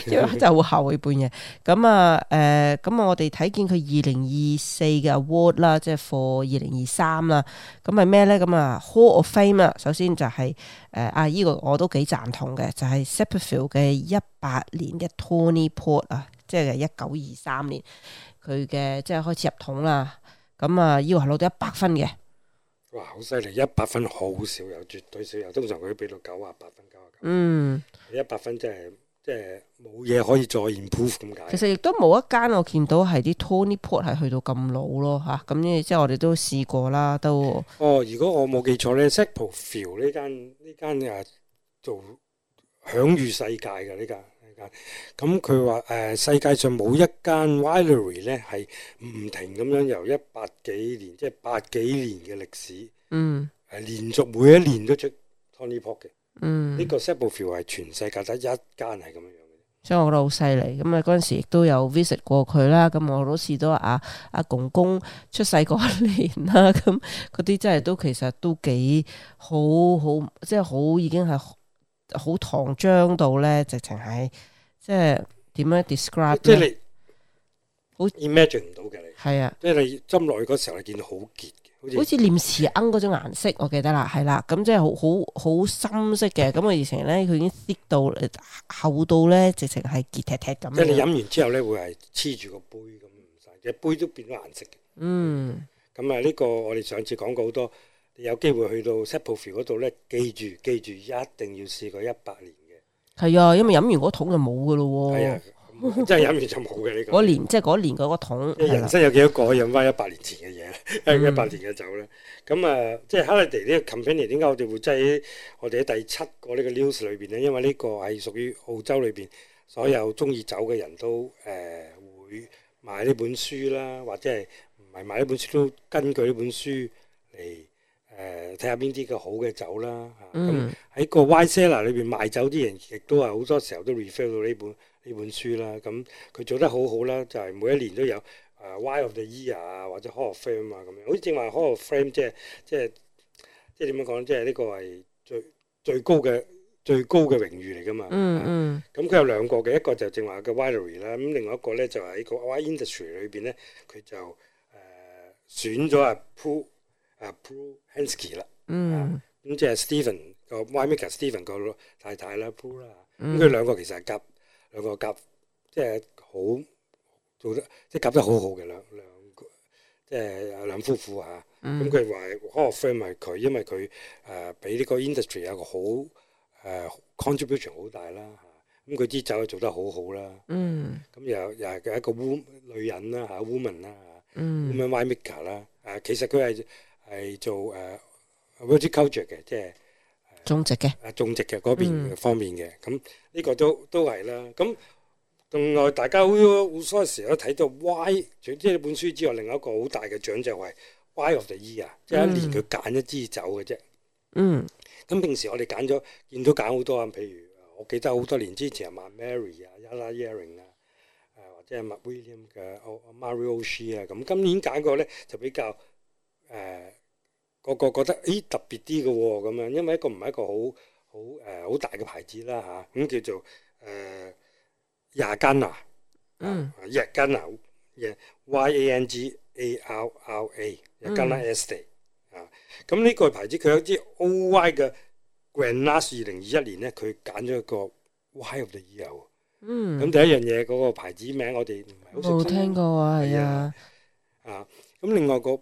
因為就會後會半嘢。咁啊，誒，咁啊，我哋睇見佢二零二四嘅 Award 啦，即係 for 二零二三啦。咁係咩咧？咁啊，Hall of Fame 啊，首先就係誒啊，依個我都幾贊同嘅，就係 Seppeltsfield 嘅一八年嘅 Tawny Port 啊。即係一九二三年，佢嘅即係開始入桶啦。咁啊，以為係攞到一百分嘅。哇，好犀利！一百分好少有，絕對少有，通常佢都俾到九啊八分、九啊九。嗯，一百分真係即係冇嘢可以再 improve 咁解。其實亦都冇一間我見到係啲 Tony Port 係去到咁老咯，吓咁呢？即係我哋都試過啦，都。哦，如果我冇記錯咧，Seppeltsfield 呢間呢間啊，做享譽世界嘅呢間。咁佢話誒，世界上冇一間 winery 咧係唔停咁樣由一百幾年，即係八幾年嘅歷史，嗯，係、嗯、連續每一年都出 Tawny Port 嘅，嗯，呢、這個 Seppeltsfield 係全世界第一間係咁樣嘅、嗯嗯。所以我覺得好犀利。咁啊嗰陣時亦都有 visit 過佢啦，咁我都試到啊阿公公出世嗰一年啦，咁嗰啲真係都其實都幾好好，即係好已經係。好糖漿到咧，直情係即係點樣 describe 即係你好 imagine 唔到嘅，你，係啊！即係你斟落去嗰時候，你見到好結嘅，好似好似念慈恩嗰種顏色，我記得啦，係啦，咁即係好好好深色嘅，咁啊，以前咧佢已經 stick 到厚到咧，直情係結踢踢咁。即係你飲完之後咧，會係黐住個杯咁，甚至隻杯都變咗顏色嘅。嗯，咁啊，呢個我哋上次講過好多。有機會去到 Chapel Hill 嗰度咧，記住記住，一定要試過一百年嘅。係啊，因為飲完嗰桶就冇㗎咯喎。係啊、 哎，真係飲完就冇嘅呢個。嗰 年即係嗰年嗰個桶。人生有幾多個可以飲翻一百年前嘅嘢，一 百年嘅酒咧？咁啊、嗯嗯，即係 Halliday 呢個 Company 點解我哋會即係我哋喺第七個，個裡呢個 News 裏邊咧？因為呢個係屬於澳洲裏邊所有中意酒嘅人都誒會、呃、買呢本書啦，或者係唔係買呢本書都根據呢本書嚟。誒睇下邊啲嘅好嘅酒啦嚇，咁、啊、喺、嗯嗯、個 Wine seller 裏邊賣酒啲人亦都係好多時候都 refer 到呢本呢本書啦。咁、嗯、佢做得好好啦，就係、是、每一年都有誒 Wine、呃、of the Year of Fame，啊，或者 Hall of Fame 啊咁樣。好似正話 Hall of Fame 即係即係即係點樣講？即係呢個係最最高嘅最高嘅榮譽嚟㗎嘛。咁佢有兩個嘅，一個就正話嘅 Winery 啦，咁另外一個咧就喺、是、個 Wine Industry 裏邊咧，佢就誒、呃、選咗啊 p Pru Hansky 啦，咁即係 Stephen 個 winemaker，Stephen 個太太啦，Pru 啦，咁佢兩個其實係夾兩個夾，即係好做得即係夾得好好嘅兩兩個，即係兩夫婦嚇。咁佢話：，我 friend 咪佢，因為佢誒俾呢個 industry 有個好誒 contribution 好大啦嚇，咁佢啲酒做得好好啦。咁又又係一個 woman 女人啦吓 woman 啦嚇，woman winemaker 啦，誒其實佢係。係做誒 viticulture 嘅，即係、uh, 種植嘅，啊種植嘅嗰邊、嗯、方面嘅，咁呢個都都係啦。咁另外大家好多時候都睇到 Y，除咗呢本書之外，另外一個好大嘅獎就係 Y of the Year 啊，即係一年佢揀一支酒嘅啫。嗯，咁、嗯、平時我哋揀咗見到揀好多啊，譬如我記得好多年之前啊，Mount Mary 啊、Yarra Yering 啊，誒、啊、或者係 McWilliam 嘅 Maurice O'Shea 啊，咁今年揀個咧就比較。誒個、uh, 個覺得誒特別啲嘅喎，咁樣因為一個唔係一個好好誒好大嘅牌子啦嚇，咁、啊、叫做誒雅間啊，嗯、mm，雅間啊，Y A N G A R R A，雅間啊 S T 啊，咁 呢 個牌子佢有支 O Y 嘅 g r a n d l a s t 二零二一、so、年咧，佢揀咗一個 Y of the Year 嗯、mm，咁、hmm、第一樣嘢嗰個牌子名我哋唔係好，冇聽過啊呵 utar、uh.，係啊 ，啊，咁另外個。啊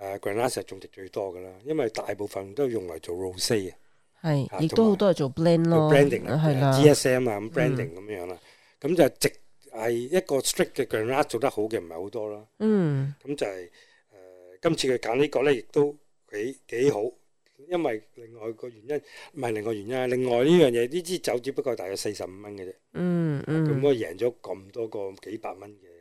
誒 Granache 種植最多嘅啦，因為大部分都用嚟做 Rosé 是啊，係也 有，亦都好多係做 blending 啦，係啦，GSM 啊咁 branding 咁、uh, 樣啦，咁、um, 就直，係一個 strict 嘅 Granache 做得好嘅唔係好多啦，嗯、um, 就係，咁就係誒今次佢揀呢個咧，亦都幾、uh, 幾好，因為另外個原因唔係另外原因另外呢樣嘢，呢支酒只不過大約四十五蚊嘅啫，嗯咁我贏咗咁多個幾百蚊嘅。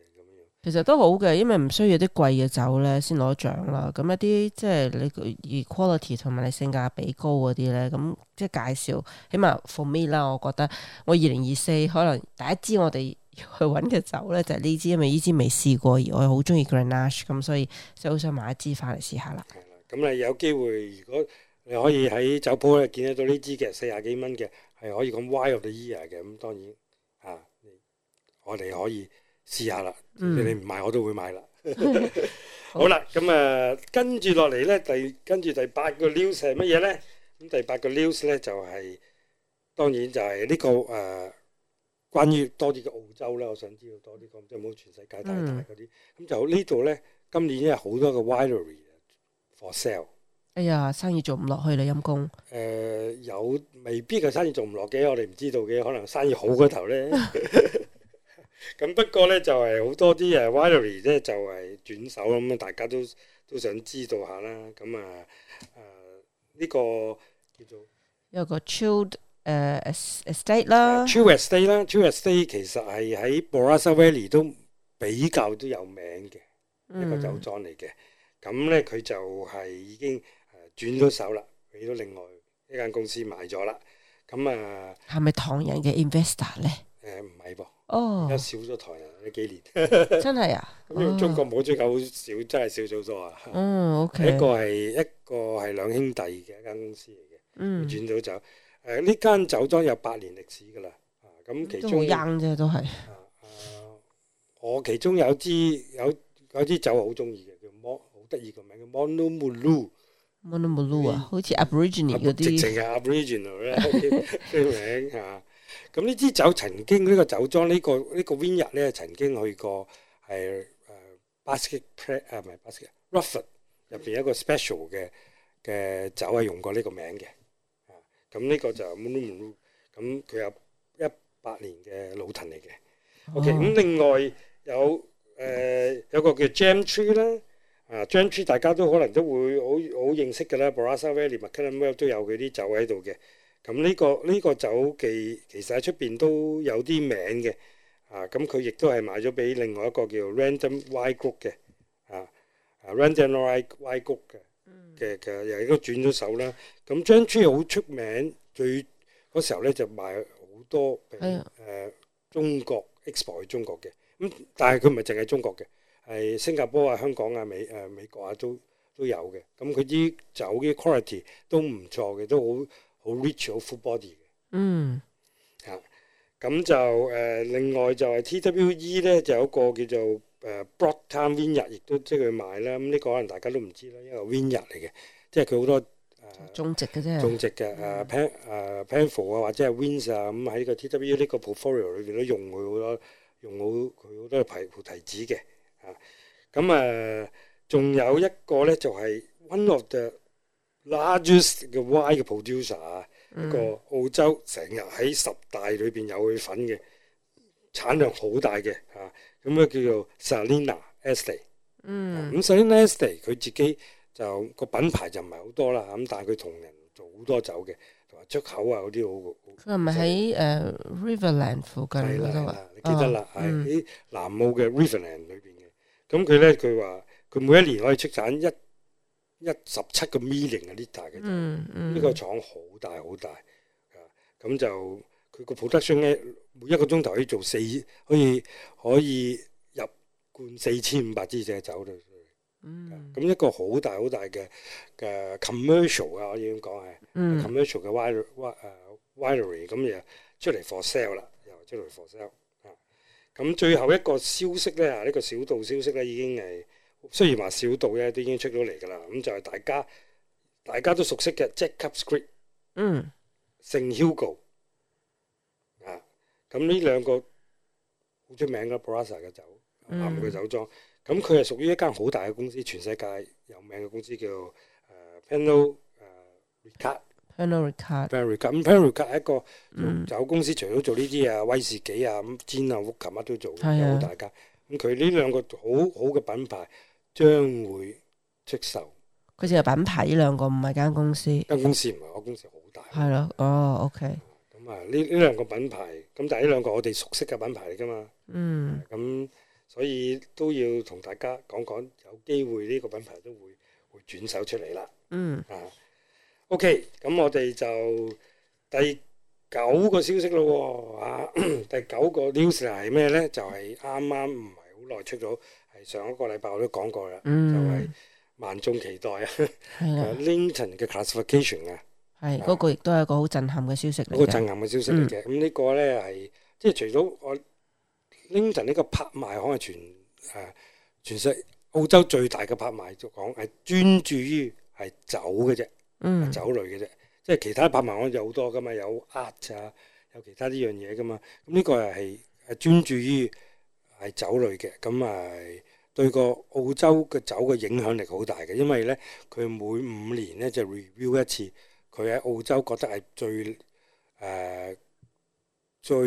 其實都好嘅，因為唔需要啲貴嘅酒呢先攞獎啦。咁一啲即係你 quality 同埋你性價比高嗰啲呢，咁即係介紹，起碼 for me 啦。我覺得我二零二四可能第一支我哋去揾嘅酒呢，就係呢支，因為呢支未試過，而我好中意 Grenache 咁，所以就好想買一支翻嚟試下啦。咁你、嗯、有機會，如果你可以喺酒鋪咧見得到呢支嘅四十幾蚊嘅，係可以講 y 喎，對 y 嘅，咁當然、啊嗯、我哋可以。試下啦，你唔買我都會買啦。好啦，咁啊，跟住落嚟咧，第跟住第八個 news 係乜嘢咧？咁第八個 news 咧就係當然就係呢個誒，關於多啲嘅澳洲啦。我想知道多啲咁，有冇全世界太大嘅嗰啲？咁就呢度咧，今年咧好多嘅 winery for sale。哎呀，生意做唔落去啦，陰公。誒，有未必個生意做唔落嘅，我哋唔知道嘅，可能生意好過頭咧。咁不過咧，就係、是、好多啲誒 winery 咧，就係、是、轉手咁啊！嗯、大家都都想知道下啦。咁啊誒呢、啊這個叫做有個 Chilled、啊、誒、啊、estate 啦 Chill、啊、ed Estate 啦 Chill、啊、ed Estate 其實係喺 Barossa Valley 都比較都有名嘅、嗯、一個酒莊嚟嘅。咁咧佢就係已經轉咗手啦，俾到另外一間公司買咗啦。咁啊，係咪唐人嘅 investor 咧？誒唔係噃。呃呃哦，而家少咗台啊！呢幾年真係啊，oh. 中國冇追狗少，真係少咗多啊。嗯、mm,，OK，一個係一個係兩兄弟嘅一間公司嚟嘅。嗯，mm. 轉到酒，誒、呃、呢間酒莊有八年歷史㗎啦。咁、啊、其中都好硬啫，都係、啊、我其中有支有有支酒好中意嘅，叫 Mo 好得意個名叫 Monomolo 啊，好似 Aboriginal 嗰啲。直情係 Aboriginal 啲名嚇。 咁呢支酒曾經呢、這個酒莊呢、這個呢、這個 winery 咧曾經去過係誒、呃、Basket Plate 唔、啊、係 Basket Rufford 入邊一個 special 嘅嘅酒係用過呢個名嘅，咁、啊、呢、這個就咁佢有一百年嘅老藤嚟嘅。OK，咁、嗯、另外有誒、呃、有個叫 Gemtree、啊、啦。啊 Gemtree 大家都可能都會好好認識㗎啦。Barossa Valley、McLaren Vale 都有佢啲酒喺度嘅。咁呢、這個呢、這個酒其其實喺出邊都有啲名嘅，啊咁佢亦都係買咗俾另外一個叫 Random Wine Group 嘅，啊 Random Wine Group 嘅嘅嘅又係都轉咗手啦。咁張吹好出名，最嗰時候咧就賣好多俾誒、嗯呃、中國 export 去中國嘅。咁但係佢唔係淨係中國嘅，係新加坡啊、香港啊、美誒、呃、美國啊都都有嘅。咁佢啲酒嘅 quality 都唔錯嘅，都好。好 rich，好 full body 嘅。嗯，嚇咁、啊、就誒、呃，另外就係 TWE 咧，就有一個叫做誒、呃、Broadtime Vineyard 亦都即係佢買啦。咁、就、呢、是嗯這個可能大家都唔知啦，因為 Vineyard 嚟嘅，即係佢好多誒、呃、種植嘅啫。種植嘅誒 Pen 誒 Penfolds 啊，或者係 Wynns 啊，咁、嗯、喺個 TWE 呢個 portfolio 裏邊都用佢好多，用好佢好多葡提子嘅。嚇咁啊，仲、嗯啊、有一個咧就係 one of the 嘅。Largest，嘅 Y 嘅 producer 啊、嗯，一個澳洲成日喺十大裏邊有佢份嘅，產量好大嘅嚇，咁、啊、咧叫做 Salina Estate。嗯，咁 Salina Estate 佢自己就個品牌就唔係好多啦，咁但係佢同人做好多酒嘅，同埋出口啊嗰啲好好。佢係咪喺誒 Riverland 附近嗰度？係啦，你記得啦，喺南澳嘅 Riverland 裏邊嘅。咁佢咧，佢話佢每一年可以出產一一十七個 million 嘅 liter 嘅，呢個廠好大好大，咁就佢個 production 咧，每一個鐘頭可以做四可以可以入罐四千五百支嘅酒咧，嗯，咁一個好大好大嘅嘅 commercial 啊，我點講啊？嗯，commercial 嘅 wine wine 誒 winery 咁又出嚟 for sale 啦，又出嚟 for sale 啊！咁最後一個消息咧，啊，呢個小道消息咧已經係～雖然話小到咧，都已經出咗嚟㗎啦。咁就係大家大家都熟悉嘅 Jacob's Creek，嗯，聖 Hugo 啊，咁呢兩個好出名嘅 Barossa 嘅酒，咁嘅酒莊。咁佢係屬於一間好大嘅公司，全世界有名嘅公司叫誒 Pernod 誒 Ricard Pernod Ricard 咁 Pernod Ricard 係一個酒公司，除咗做呢啲啊威士忌啊咁煎啊伏琴乜都做，好大間。咁佢呢兩個好好嘅品牌，將會出售。佢就係品牌呢兩個，唔係間公司。間公司唔係我公司，好大。係咯，哦，OK。咁啊，呢呢兩個品牌，咁但係呢兩個我哋熟悉嘅品牌嚟㗎嘛。嗯。咁所以都要同大家講講，有機會呢個品牌都會會轉手出嚟啦。嗯。啊，OK。咁我哋就第九個消息咯喎，啊，第九個 news 係咩呢？就係啱啱唔係好耐出咗。上一個禮拜我都講過啦，就係萬眾期待啊。係啊，Langton's 嘅 classification 啊，係嗰個亦都係一個好震撼嘅消息嚟嘅。嗰個震撼嘅消息嚟嘅。咁呢個咧係即係除咗我 Langton's 呢個拍賣行，可能全誒全世澳洲最大嘅拍賣，就講係專注於係酒嘅啫，嗯，酒類嘅啫。即係其他拍賣行有好多㗎嘛，有 art 啊，有其他呢樣嘢㗎嘛。咁呢個係係係專注於係酒類嘅，咁係。對個澳洲嘅酒嘅影響力好大嘅，因為咧佢每五年咧就 review 一次，佢喺澳洲覺得係最誒、呃、最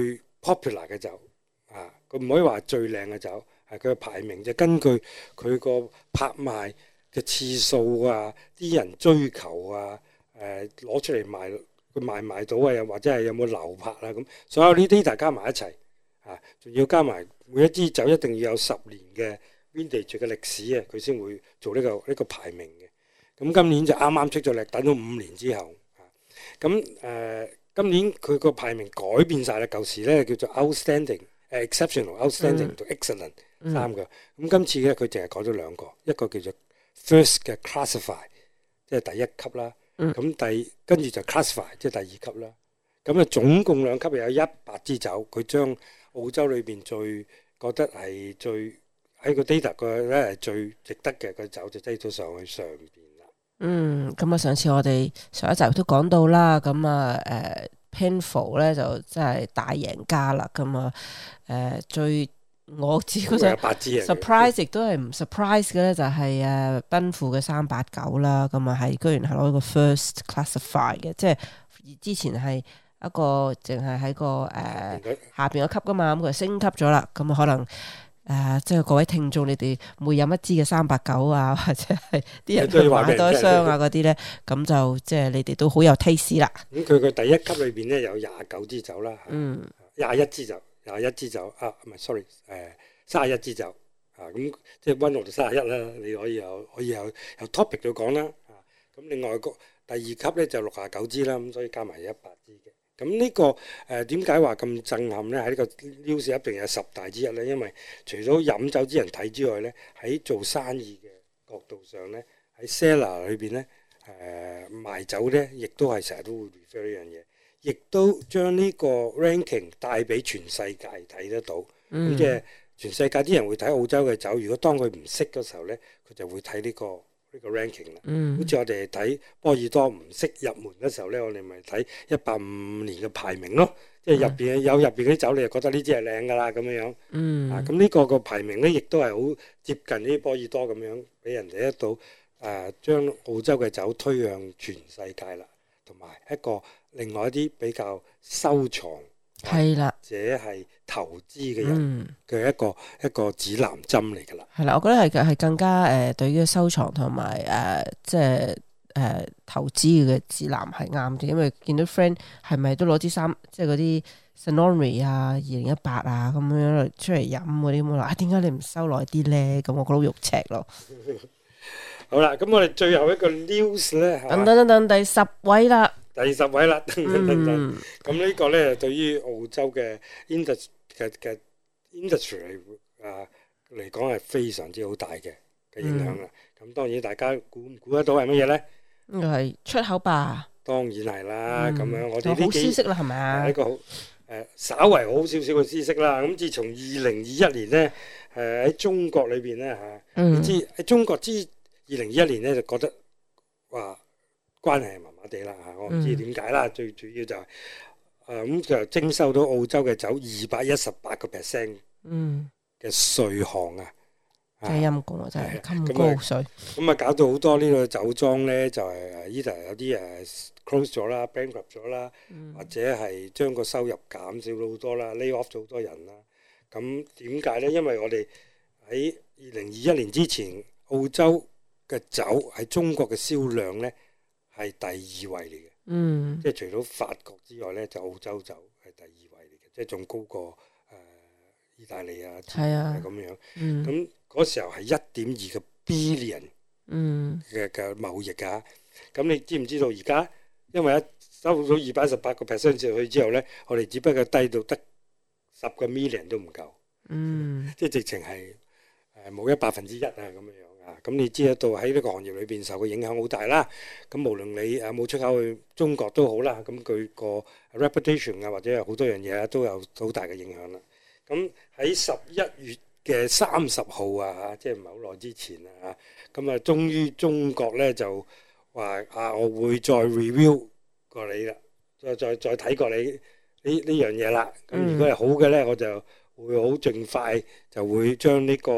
popular 嘅酒啊。佢唔可以話最靚嘅酒，係、啊、佢排名就根據佢個拍賣嘅次數啊，啲人追求啊，誒、啊、攞出嚟賣佢賣唔賣到啊，又或者係有冇流拍啊。咁。所有呢啲大家埋一齊啊，仲要加埋每一支酒一定要有十年嘅。邊地區嘅歷史啊，佢先會做呢、呢個呢、呢個排名嘅。咁、嗯、今年就啱啱出咗嚟，等咗五年之後咁誒、嗯呃，今年佢個排名改變晒啦。舊時咧叫做 outstanding Out、嗯、誒 exceptional、outstanding 同 excellent 三個。咁、嗯嗯、今次咧佢淨係改咗兩個，一個叫做 first 嘅 classify，即係第一級啦。咁、嗯、第、嗯嗯、跟住就 classify，即係第二級啦。咁啊，總共兩級又有一百支酒，佢將澳洲裏邊最覺得係最。喺個 data 個咧係最值得嘅，佢走就低咗上去上邊啦。嗯，咁啊，上次我哋上一集都講到啦，咁、嗯、啊，誒，Penfolds 咧就真係大贏家啦，咁啊，誒，最我只嗰隻 surprise 亦都係唔 surprise 嘅咧，就係、是、誒，奔富嘅三八九啦，咁啊係，居然係攞一個 first classified 嘅，即係之前係一個淨係喺個誒、呃、 下邊個級噶嘛，咁佢升級咗啦，咁、嗯、啊，可能。誒，即係各位聽眾，你哋每飲一支嘅三百九啊，或者係啲人去買多一箱啊，嗰啲咧，咁就即係你哋都好有 taste 啦。咁佢個第一級裏邊咧有廿九支酒啦，廿一支酒，廿一支酒啊，唔係，sorry，誒，三十一支酒啊，咁即係溫度三十一啦，你可以有可以有有 topic 度講啦。咁另外個第二級咧就六廿九支啦，咁所以加埋一百支。咁呢、這個誒點解話咁震撼呢？喺、這、呢個 u s 一定係十大之一呢？因為除咗飲酒之人睇之外呢，喺做生意嘅角度上呢，喺 seller 裏邊呢，賣、呃、酒呢亦都係成日都會 refer 呢樣嘢，亦都將呢個 ranking 帶俾全世界睇得到。咁、嗯、即係全世界啲人會睇澳洲嘅酒，如果當佢唔識嘅時候呢，佢就會睇呢、這個。個 ranking 啦，好似、嗯、我哋睇波爾多唔識入門嘅時候呢，我哋咪睇一八五五年嘅排名咯，即係入邊有入邊啲酒，你就覺得呢支係靚噶啦咁樣樣。嗯、啊，咁呢個個排名呢，亦都係好接近啲波爾多咁樣，俾人哋一到啊，將澳洲嘅酒推向全世界啦，同埋一個另外一啲比較收藏，係啦的，或者係。投資嘅人，嘅一個、嗯、一個指南針嚟噶啦，係啦，我覺得係係更加誒對於收藏同埋誒即係誒、呃、投資嘅指南係啱嘅，因為見到 friend 係咪都攞啲衫，即係嗰啲 Sonori 啊，二零一八啊咁樣出嚟飲嗰啲咁啦，啊點解你唔收耐啲咧？咁我覺得好、啊、肉赤咯。 好啦，咁我哋最後一個 news 咧，等等等等，第十位啦，第十位啦，等等等。咁呢個咧，對於澳洲嘅 interest。嘅嘅 industry 嚟、啊、嚟講係非常之好大嘅嘅影響啦。咁、嗯、當然大家估唔估得到係乜嘢咧？就係出口吧。當然係啦，咁樣、嗯嗯、我哋啲、嗯呃、知識啦，係咪、呃、啊？一個誒稍為好少少嘅知識啦。咁自從二零二一年咧，誒喺中國裏邊咧嚇，你知喺中國之二零二一年咧就覺得話關係麻麻地啦嚇，我唔知點解啦，最主要就係、是。誒咁就徵收到澳洲嘅酒二百一十八個 percent 嘅稅項啊！真係陰功啊！真係咁高稅，咁啊搞到好多呢個酒莊咧就係呢度有啲誒 close 咗啦、bankrupt 咗啦，或者係將個收入減少咗好多啦、lay off 咗好多人啦。咁點解咧？因為我哋喺二零二一年之前，澳洲嘅酒喺中國嘅銷量咧係第二位嚟嘅。嗯，即係除咗法國之外咧，就澳洲就係第二位嚟嘅，即係仲高過誒、呃、意大利啊，係啊，咁樣，咁嗰、嗯、時候係一點二個 billion 嗯嘅嘅貿易㗎，咁你知唔知道而家因為一收到二百一十八個 percent 落去之後咧，我哋只不過低到得十個 million 都唔夠，嗯，即係直情係誒冇一百分之一啊咁樣。嗯、啊，咁你知得到喺呢個行業裏邊受嘅影響好大啦。咁、啊、無論你有冇、啊、出口去中國都好啦，咁、啊、佢個 reputation 啊，或者有好多樣嘢啊，都有好大嘅影響啦。咁喺十一月嘅三十號啊，嚇、啊，即係唔係好耐之前啊，嚇、啊，咁啊，終於中國咧就話啊，我會再 review 過你啦，再再再睇過你呢呢樣嘢啦。咁、啊、如果係好嘅咧，我就會好盡快就會將呢、這個。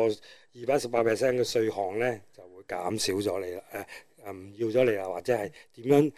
二百十八 percent 嘅稅項咧就會減少咗你啦，誒誒唔要咗你啦，或者係點樣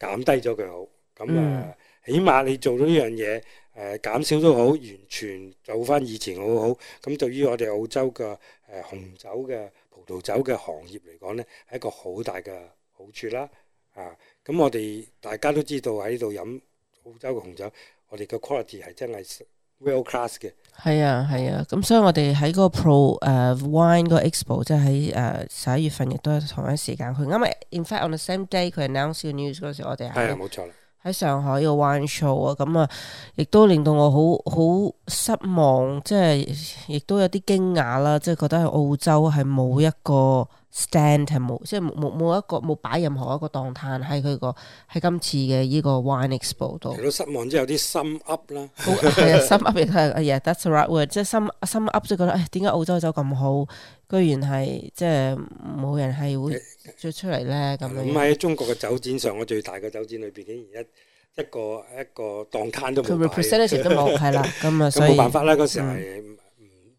減低咗佢好，咁誒、啊 mm. 起碼你做咗呢樣嘢，誒、呃、減少都好，完全做翻以前好好。咁對於我哋澳洲嘅誒、呃、紅酒嘅葡萄酒嘅行業嚟講咧，係一個好大嘅好處啦。啊，咁我哋大家都知道喺度飲澳洲嘅紅酒，我哋嘅 quality 係真係 well class 嘅。係啊係啊，咁、啊、所以我哋喺嗰個 Pro 誒、uh, Wine 嗰個 Expo，即係喺誒十一月份亦都係同一時間，佢啱咪 In fact on the same day 佢 announce the news 嗰時，我哋係冇錯啦，喺上海個 wine show 啊，咁啊亦都令到我好好失望，即係亦都有啲驚訝啦，即係覺得喺澳洲係冇一個。stand 係冇，即係冇冇冇一個冇擺任何一個檔攤喺佢個喺今次嘅呢個 Wine Expo 度，睇到失望之後有啲心噏啦，心噏亦都係，哎呀，that's the right word，即係心心噏，即係覺得，哎，點解澳洲酒咁好，居然係即係冇人係會著出嚟咧？咁樣。唔係喺中國嘅酒展上，我最大嘅酒展裏邊，竟然一一個一個檔攤都冇，representation 都冇，係啦，咁啊。所以冇辦法啦，嗰時候係，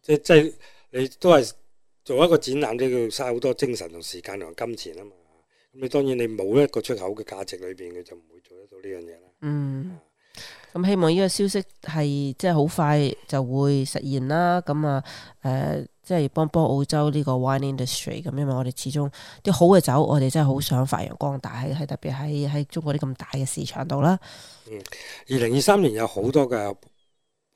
即即係你都係。做一個展覽都要嘥好多精神同時間同金錢啊嘛！咁你當然你冇一個出口嘅價值裏邊，佢就唔會做得到呢樣嘢啦。嗯。咁希望呢個消息係即係好快就會實現啦。咁啊，誒，即係幫幫澳洲呢個 wine industry 咁。因為我哋始終啲好嘅酒，我哋真係好想發揚光大喺喺特別喺喺中國啲咁大嘅市場度啦。二零二三年有好多嘅。嗯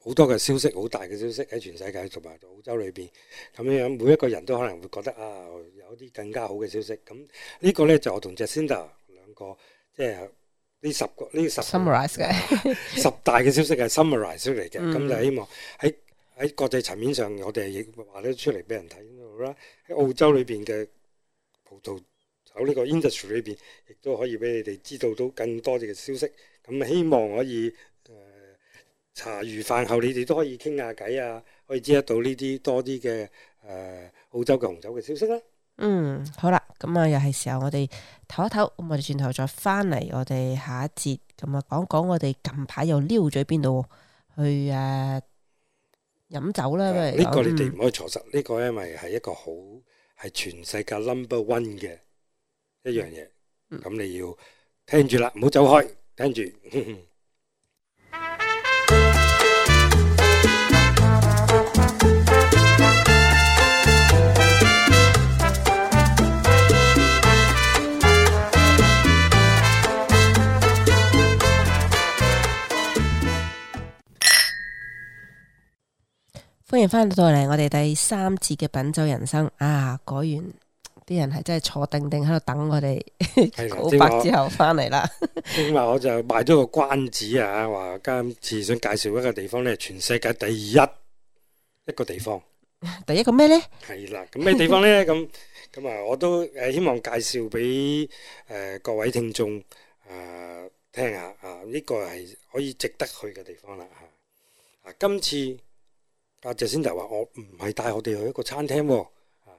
好多嘅消息，好大嘅消息喺全世界同埋澳洲裏邊，咁樣，每一個人都可能會覺得啊，有啲更加好嘅消息。咁呢個呢，就是、我同 Jacinda 兩個，即係呢十個呢十個 十大嘅消息係 summarise 出嚟嘅。咁就希望喺喺國際層面上，我哋亦話得出嚟俾人睇啦。喺澳洲裏邊嘅葡萄酒呢、呢個 industry 裏邊，亦都可以俾你哋知道到更多嘅消息。咁希望可以。茶餘飯後，你哋都可以傾下偈啊！可以知得到呢啲多啲嘅、呃、澳洲嘅紅酒嘅消息啦、嗯。嗯，好啦，咁啊又係時候我哋唞一唞，咁我哋轉頭再翻嚟我哋下一節，咁、呃、啊講講我哋近排又撩咗去邊度去誒飲酒啦？咪、這、呢個你哋唔可以錯失，呢、這個因為係一個好係全世界 number one 嘅一,一、嗯嗯、樣嘢，咁你要聽住啦，唔好、嗯、走開，聽住。 翻到嚟，我哋第三節嘅品酒人生啊！果然啲人係真係坐定定喺度等我哋告白之後翻嚟啦。咁嘛，我就賣咗個關子啊！話今次想介紹一個地方呢，全世界第一一個地方。第一個咩呢？係啦，咁咩地方呢？咁咁啊，我都誒希望介紹俾誒各位聽眾誒聽下啊！呢個係可以值得去嘅地方啦吓。啊，今次。阿謝先就話：我唔係帶我哋去一個餐廳、啊，吓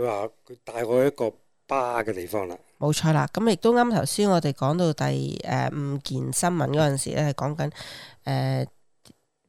佢話佢帶我去一個吧嘅地方啦。冇錯啦，咁亦都啱頭先我哋講到第誒五件新聞嗰陣時咧，係講緊誒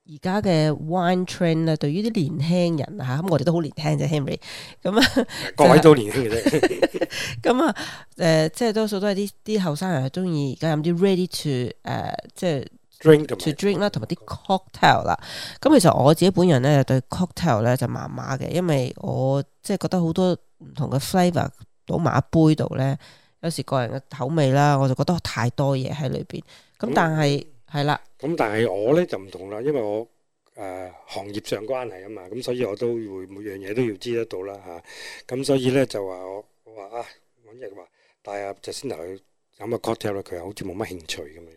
而家嘅 wine trend 咧，對於啲年輕人吓，咁我哋都好年輕啫，Henry 咁啊，各位都年輕嘅啫。咁啊， 誒、 呃，即係多數都係啲啲後生人中意而家有啲 ready to 誒，即係。to drink 啦，同埋啲 cocktail 啦。咁其實我自己本人咧對 cocktail 咧就麻麻嘅，因為我即係覺得好多唔同嘅 flavour 倒埋一杯度咧，有時個人嘅口味啦，我就覺得太多嘢喺裏邊。咁但係係啦。咁但係我咧就唔同啦，因為我誒行業上關係啊嘛，咁所以我都會每樣嘢都要知得到啦嚇。咁所以咧就話我我話啊搵日話帶阿陳先頭去飲個 cocktail 啦，佢好似冇乜興趣咁樣。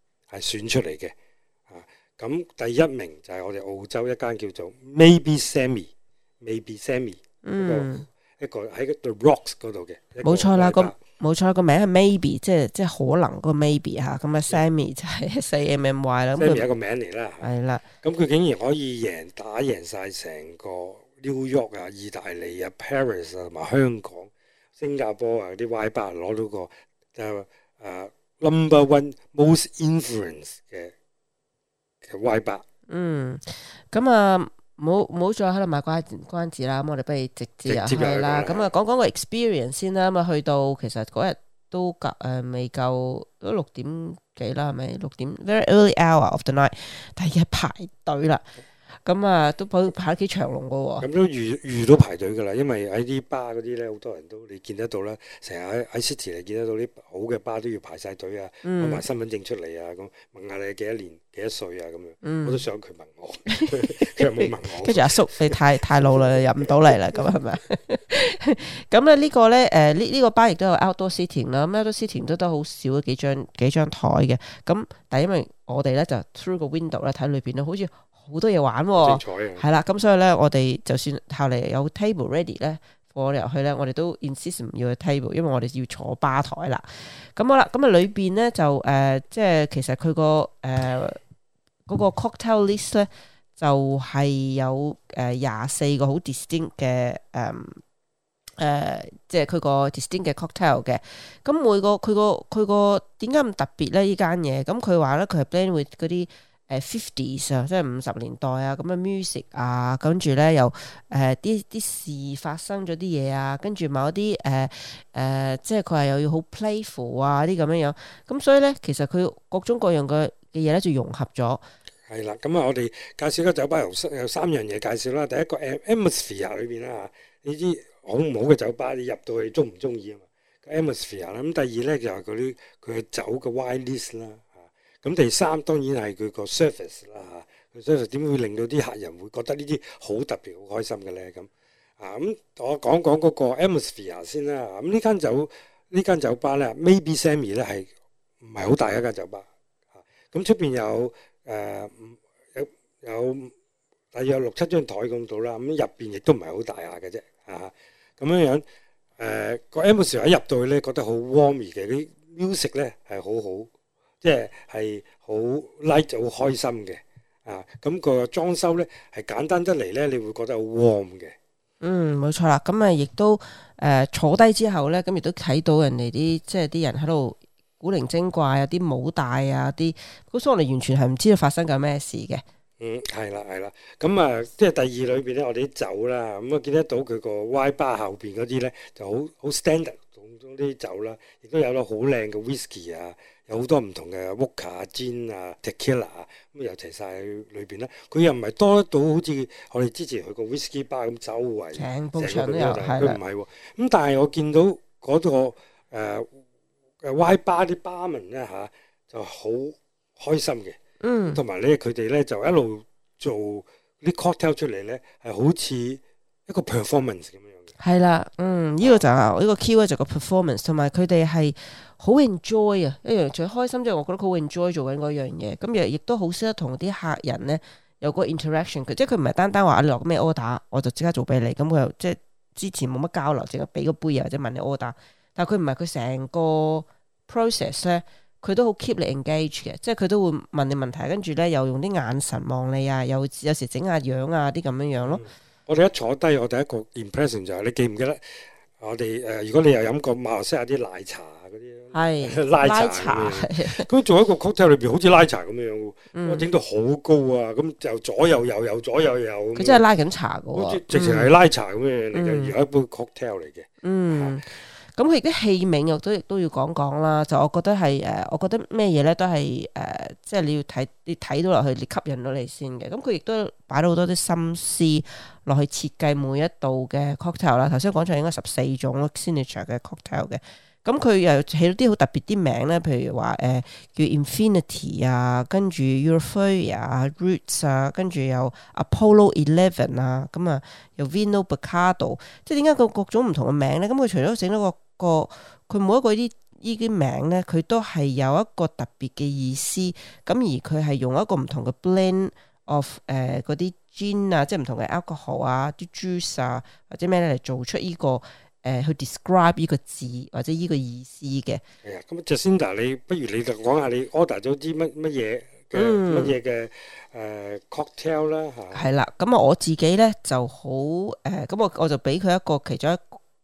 係選出嚟嘅，啊咁第一名就係我哋澳洲一間叫做 Maybe Sammy，Maybe Sammy，嗯，一個喺 The Rocks 嗰度嘅，冇錯啦，咁冇錯個名係 Maybe，即係即係可能個 Maybe 嚇，咁啊 Sammy 就係 Sammy 啦，Sammy 一個名嚟啦，係啦，咁佢竟然可以贏打贏曬成個 New York 啊、意大利啊、Paris 啊同埋香港、新加坡啊啲歪八攞到個就係。Number one most influence 嘅嘅八。嗯，咁啊，冇冇再喺度賣關關子啦。咁我哋不如直接啊啦。咁啊，講講、嗯、個 experience 先啦。咁啊，去到其實嗰日都隔誒、呃、未夠都六點幾啦，係咪六點？六點？Very early hour of the night，第一排隊啦。咁啊，嗯嗯、都排排咗幾長龍噶喎。咁都遇遇到排隊噶啦，因為喺啲巴嗰啲咧，好多人都你見得到啦。成日喺喺 City 你見得到啲好嘅巴都要排晒隊啊，同埋身份證出嚟啊，咁問下你幾多年幾多歲啊，咁樣、嗯、我都想佢問我，佢又未問我，就 後阿叔 你太太老啦，入唔到嚟啦，咁係咪？咁咧呢個咧，誒呢呢個巴亦都有 Outdoor Sitting 啦，Outdoor Sitting 都得好少嗰幾張幾張台嘅。咁但係因為我哋咧就 through 個 window 咧睇裏邊咧，好似。好多嘢玩喎，精彩嘅。係啦，咁所以呢，我哋就算後嚟有 table ready 呢，放我哋入去呢，我哋都 insist 唔要去 table，因為我哋要坐吧台啦。咁好啦，咁啊裏邊呢，就誒、呃，即係其實佢、呃那個誒嗰個 cocktail list 呢，就係、是、有誒廿四個好 distinct 嘅誒誒、呃，即係佢個 distinct 嘅 cocktail 嘅。咁每個佢個佢個點解咁特別呢？呢間嘢，咁佢話呢，佢係 blend with 嗰啲。誒 fifties 即係五十年代啊，咁嘅 music 啊，跟住咧又誒啲啲事發生咗啲嘢啊，跟住某一啲誒誒，即係佢係又要好 playful 啊啲咁樣樣，咁所以咧其實佢各種各樣嘅嘅嘢咧就融合咗。係啦，咁啊，我哋介紹個酒吧有三樣嘢介紹啦，第一個誒 atmosphere 裏邊啦呢啲好唔好嘅酒吧你入到去鍾唔鍾意啊嘛，atmosphere 啦，咁第二咧就係佢啲佢嘅酒嘅 wine list 啦。咁第三當然係佢個 service 啦嚇，佢 service 點會令到啲客人會覺得呢啲好特別、好開心嘅咧？咁啊咁，我講講嗰個 atmosphere 先啦。咁呢間酒呢間酒吧咧，Maybe Sammy 咧係唔係好大一間酒吧？咁出邊有誒、呃、有有大約六七張台咁到啦。咁入邊亦都唔係好大下嘅啫。啊咁樣樣誒、呃那個 atmosphere 一入到去咧，覺得 warm 好 warm 嘅啲 music 咧係好好。即係好 like 就好開心嘅啊！咁個裝修咧係簡單得嚟咧，你會覺得好 warm 嘅。嗯，冇錯啦。咁啊，亦都誒坐低之後咧，咁亦都睇到人哋啲即係啲人喺度古靈精怪啊，啲舞帶啊，啲咁，所以我哋完全係唔知道發生緊咩事嘅。嗯，係啦，係啦。咁、嗯、啊，即係第二裏邊咧，我哋啲酒啦，咁啊見得到佢個 y 巴後邊嗰啲咧就好好 standard 嗰啲酒啦，亦都有咗好靚嘅 whisky 啊。有好多唔同嘅 vodka、gin 啊、tequila，咁又齊晒喺裏邊咧。佢又唔係多得到好似我哋之前去個 whisky bar 咁周圍，成個都有。佢唔係喎。咁是的 但係我見到誒、那、誒、個呃、Y bar 啲 barman 咧、啊、吓就好開心嘅。嗯。同埋咧，佢哋咧就一路做啲 cocktail 出嚟咧，係好似一個 performance 咁樣。係啦，嗯，呢個就係呢個 key word 就個 performance，同埋佢哋係好 enjoy 啊，一樣最開心就係我覺得佢好 enjoy 做緊嗰樣嘢，咁又亦都好識得同啲客人呢有個 interaction，佢即係佢唔係單單話啊落咩 order，我就即刻做俾你，咁佢又即係之前冇乜交流，淨係俾個杯啊或者問你 order，但係佢唔係佢成個 process 呢，佢都好 keep 你 engage 嘅，即係佢都會問你問題，跟住呢又用啲眼神望你啊，有有時整下樣啊啲咁樣樣咯。我哋一坐低，我第一個 impression 就係、是、你記唔記得我？我哋誒，如果你又飲過馬來西亞啲奶茶嗰啲，係、哎、 拉茶，咁做一個 cocktail 裏邊，好似拉茶咁 樣樣，我、嗯、整、嗯、到好高啊！咁就左右右右左右左右，佢、嗯、樣真係拉緊茶嘅喎、啊，像嗯、直情係拉茶咁嘅，嗯、而係一杯 cocktail 嚟嘅。嗯。嗯。咁佢啲器皿又都亦都要講講啦，就我覺得係誒、呃，我覺得咩嘢咧都係誒、呃，即係你要睇你睇到落去，你吸引到你先嘅。咁佢亦都擺咗好多啲心思落去設計每一度嘅 cocktail 啦。頭先講咗應該十四種 signature 嘅 cocktail 嘅，咁、嗯、佢、嗯、又起咗啲好特別啲名咧，譬如話誒、呃、叫 Infinity 啊，跟住 Euphoria Roots 啊，跟住有 Apollo Eleven 啊，咁、嗯、啊又 Vino Bacardo，即係點解佢各種唔同嘅名咧？咁佢除咗整咗個個佢每一個依依啲名咧，佢都係有一個特別嘅意思。咁而佢係用一個唔同嘅 blend of 誒、呃、啲 gin 啊，即係唔同嘅 alcohol 啊，啲 juice 啊或者咩咧嚟做出依、這個誒、呃、去 describe 呢個字或者依個意思嘅。係啊，咁 Jacinda，你不如你就講下你 order 咗啲乜乜嘢嘅乜嘢嘅誒 cocktail 啦嚇。係啦，咁 啊、嗯 嗯嗯、我自己咧就好誒，咁、呃、我我就俾佢一個其中一個。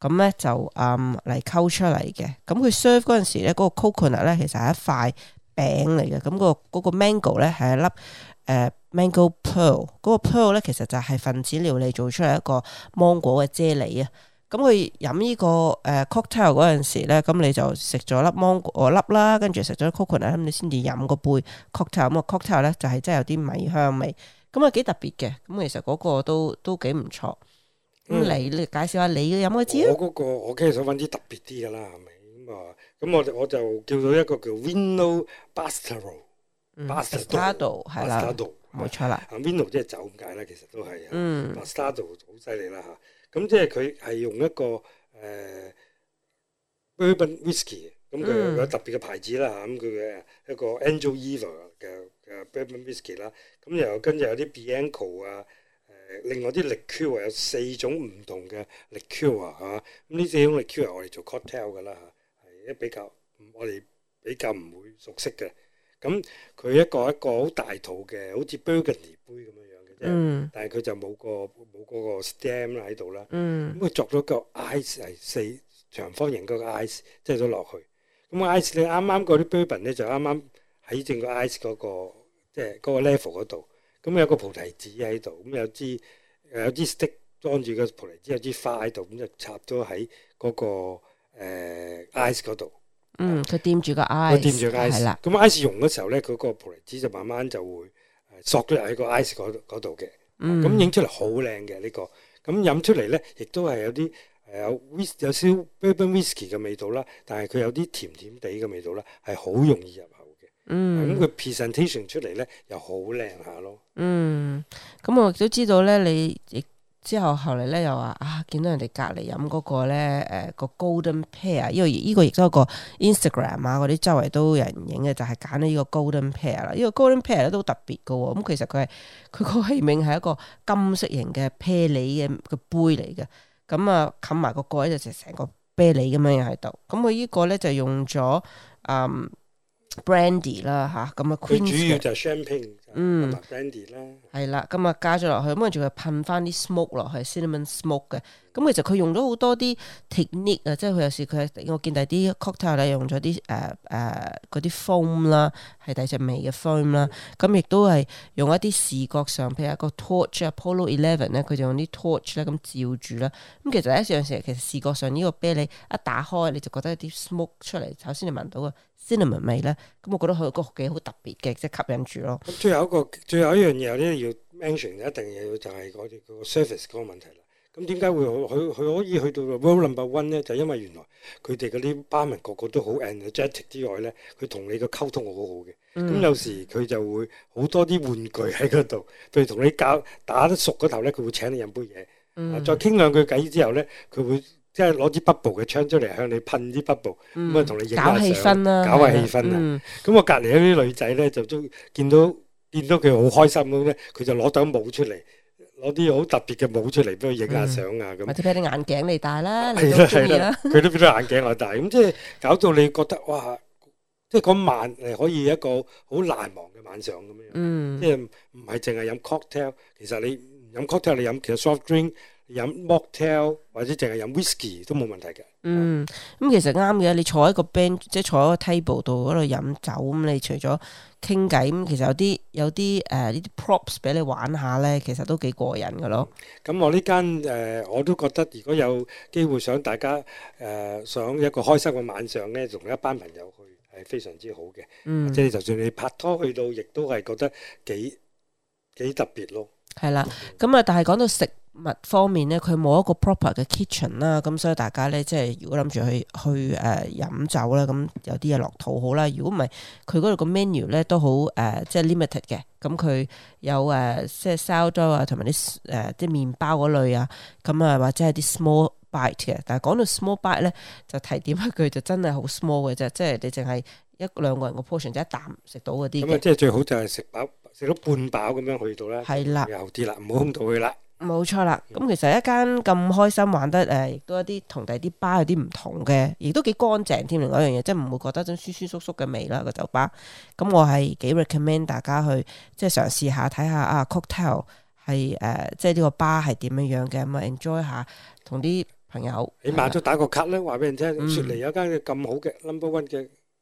咁咧就嗯嚟溝出嚟嘅，咁佢 serve 嗰陣時咧，嗰個 coconut 咧其實係一塊餅嚟嘅，咁個嗰個 mango 咧係一粒誒 mango pearl，嗰個 pearl 咧其實就係分子料理做出嚟一個芒果嘅啫喱啊！咁佢飲呢個誒 cocktail 嗰陣時咧，咁你就食咗粒芒果粒啦，跟住食咗 coconut，咁你先至飲個杯 cocktail。咁個 cocktail 咧就係真係有啲米香味，咁啊幾特別嘅，咁其實嗰個都都幾唔錯。咁你你介紹下你嘅有冇？知、那個？我嗰個我梗係想揾啲特別啲嘅啦，係咪？咁啊，咁我我就叫咗一個叫 Vino Bastardo、嗯、Bastardo 係啦的，Bastardo 冇的錯啦。阿 Vino 即係酒咁解啦，其實都係。嗯。Bastardo 好犀利啦嚇！咁即係佢係用一個誒、呃、Bourbon Whisky，咁佢有特別嘅牌子啦嚇。咁佢嘅一個 Angel Eve 嘅嘅 Bourbon Whisky 啦，咁又後跟住有啲 Bianco 啊。另外啲 liqueur 有四種唔同嘅 liqueur 咁、啊、呢、嗯、四種 liqueur 我哋做 cocktail 嘅啦嚇，係一比較，我哋比較唔會熟悉嘅。咁、嗯、佢、嗯、一個一個好大肚嘅，好似 Burgundy 杯咁樣樣嘅啫，但係佢就冇、個冇個個 stem 喺度啦。咁佢作咗個 ice 係四長方形個 ice 擠都落去，咁、嗯嗯個, bon、個 ice 咧啱啱嗰啲 Burgundy 咧就啱啱喺正個 ice 嗰個即係嗰個 level 嗰度。咁有個葡提子喺度，咁有支有支 stick 裝住個葡提子，有支花喺度，咁就插咗喺嗰個 ice 嗰度。嗯，佢掂住個 ice，係啦、嗯。咁 ice 融嘅、嗯嗯、時候咧，嗰、那個葡提子就慢慢就會索咗入喺個 ice 嗰度嘅。咁、嗯、影、嗯嗯、出嚟好靚嘅呢個。咁飲出嚟咧，亦都係有啲有 whis 有少 bourbon whisky 嘅味道啦，但係佢有啲甜甜地嘅味道啦，係好容易入。嗯，咁佢 presentation 出嚟咧又好靚下咯。嗯，咁我亦都知道咧，你亦之後後嚟咧又話啊，見到人哋隔籬飲嗰個咧，誒、呃、個 golden pear，因為呢個亦都一個 Instagram 啊，嗰啲周圍都有人影嘅，就係揀咗呢個 golden pear 啦。呢個 golden pear 咧都好特別噶、哦，咁其實佢係佢個器皿係一個金色型嘅啤梨嘅個杯嚟嘅。咁啊，冚埋個蓋就成成個啤梨咁樣嘢喺度。咁佢呢個咧就用咗，嗯。蓋 Brandy 啦，吓咁啊佢、嗯、主要就係 champagne，嗯，brandy 啦，係啦、啊，咁啊、嗯、加咗落去，咁啊仲要噴翻啲 smoke 落去，cinnamon smoke 嘅。咁、嗯、其實佢用咗好多啲 technique 啊，即係佢有時佢我見第啲 cocktail 咧用咗啲誒誒嗰啲 foam 啦，係第隻味嘅 foam 啦。咁亦都係用一啲視覺上，譬如一個 torch 啊 Apollo Eleven 咧，佢就用啲 torch 咧咁照住啦。咁其實有一樣嘢，其實視覺上呢個啤梨一打開，你就覺得有啲 smoke 出嚟，首先你聞到啊。味咧，咁我覺得佢嗰個好特別嘅，即係吸引住咯。咁最後一個，最後一樣嘢咧，要 mention 一定嘢、那個，就係嗰個嗰個 surface 嗰個問題啦。咁點解會佢佢可以去到 world number one 咧？就係、因為原來佢哋嗰啲班民 r t 個個都好 energetic 之外咧，佢同你嘅溝通好好嘅。咁有時佢就會好多啲玩具喺嗰度，譬如同你教打得熟嗰頭咧，佢會請你杯飲杯嘢。再傾兩句偈之後咧，佢會。即係攞啲 b 部嘅槍出嚟向你噴啲 b 部，咁啊同你影下相，搞，氣氛，啊、搞下氣氛啊，咁、嗯、我隔離嗰啲女仔咧就中見到見到佢好開心咁咧，佢就攞對帽出嚟，攞啲好特別嘅帽出嚟幫佢影下相啊咁。或者俾啲眼鏡你戴啦，你都中意啦。佢都俾對眼鏡我、啊、戴，咁即係搞到你覺得哇！即係嗰晚你可以一個好難忘嘅晚上咁樣。嗯、即係唔係淨係飲 cocktail，其實你飲 cocktail 你，你飲其實，飲其實，飲其實飲 soft drink。飲 Mocktail 或者淨係飲 Whiskey 都冇問題嘅。嗯，咁、嗯嗯、其實啱嘅。你坐喺個 band，即係坐喺個 table 度嗰度飲酒咁，你除咗傾偈咁，其實有啲有啲誒呢啲 props 俾你玩下呢，其實都幾過癮嘅咯。咁、嗯、我呢間誒我都覺得，如果有機會想大家誒、呃、想一個開心嘅晚上呢，同一班朋友去係非常之好嘅。即係、嗯、就算你拍拖去到，亦都係覺得幾幾特別咯。係啦，咁啊，但係講到食物方面咧，佢冇一個 proper 嘅 kitchen 啦，咁所以大家咧、呃呃，即係如果諗住去去誒飲酒啦，咁有啲嘢落肚好啦。如果唔係，佢嗰度個 menu 咧都好誒，即係 limited 嘅。咁佢有誒，即係 sourdough 啊，同埋啲誒，即係麵包嗰類啊。咁啊，或者係啲 small bite 嘅。但係講到 small bite 咧，就提點一句，就真係好 small 嘅啫，即係你淨係。一兩個人個 portion 就一啖食到嗰啲。咁即係最好就係食飽，食到半飽咁樣去到啦。係啦，有啲啦，唔好空肚去啦。冇錯啦。咁其實一間咁開心玩得誒，亦都一啲同第啲 bar 有啲唔同嘅，亦都幾乾淨添。另外一樣嘢即係唔會覺得種酸酸縮縮嘅味啦個酒吧。咁我係幾 recommend 大家去即係嘗試下睇下啊 cocktail 係誒，即係呢個 bar 係點樣樣嘅咁啊，enjoy 下同啲朋友。起碼都打個卡 a 咧，話俾人聽，咁雪梨有一間咁好嘅 number one 嘅。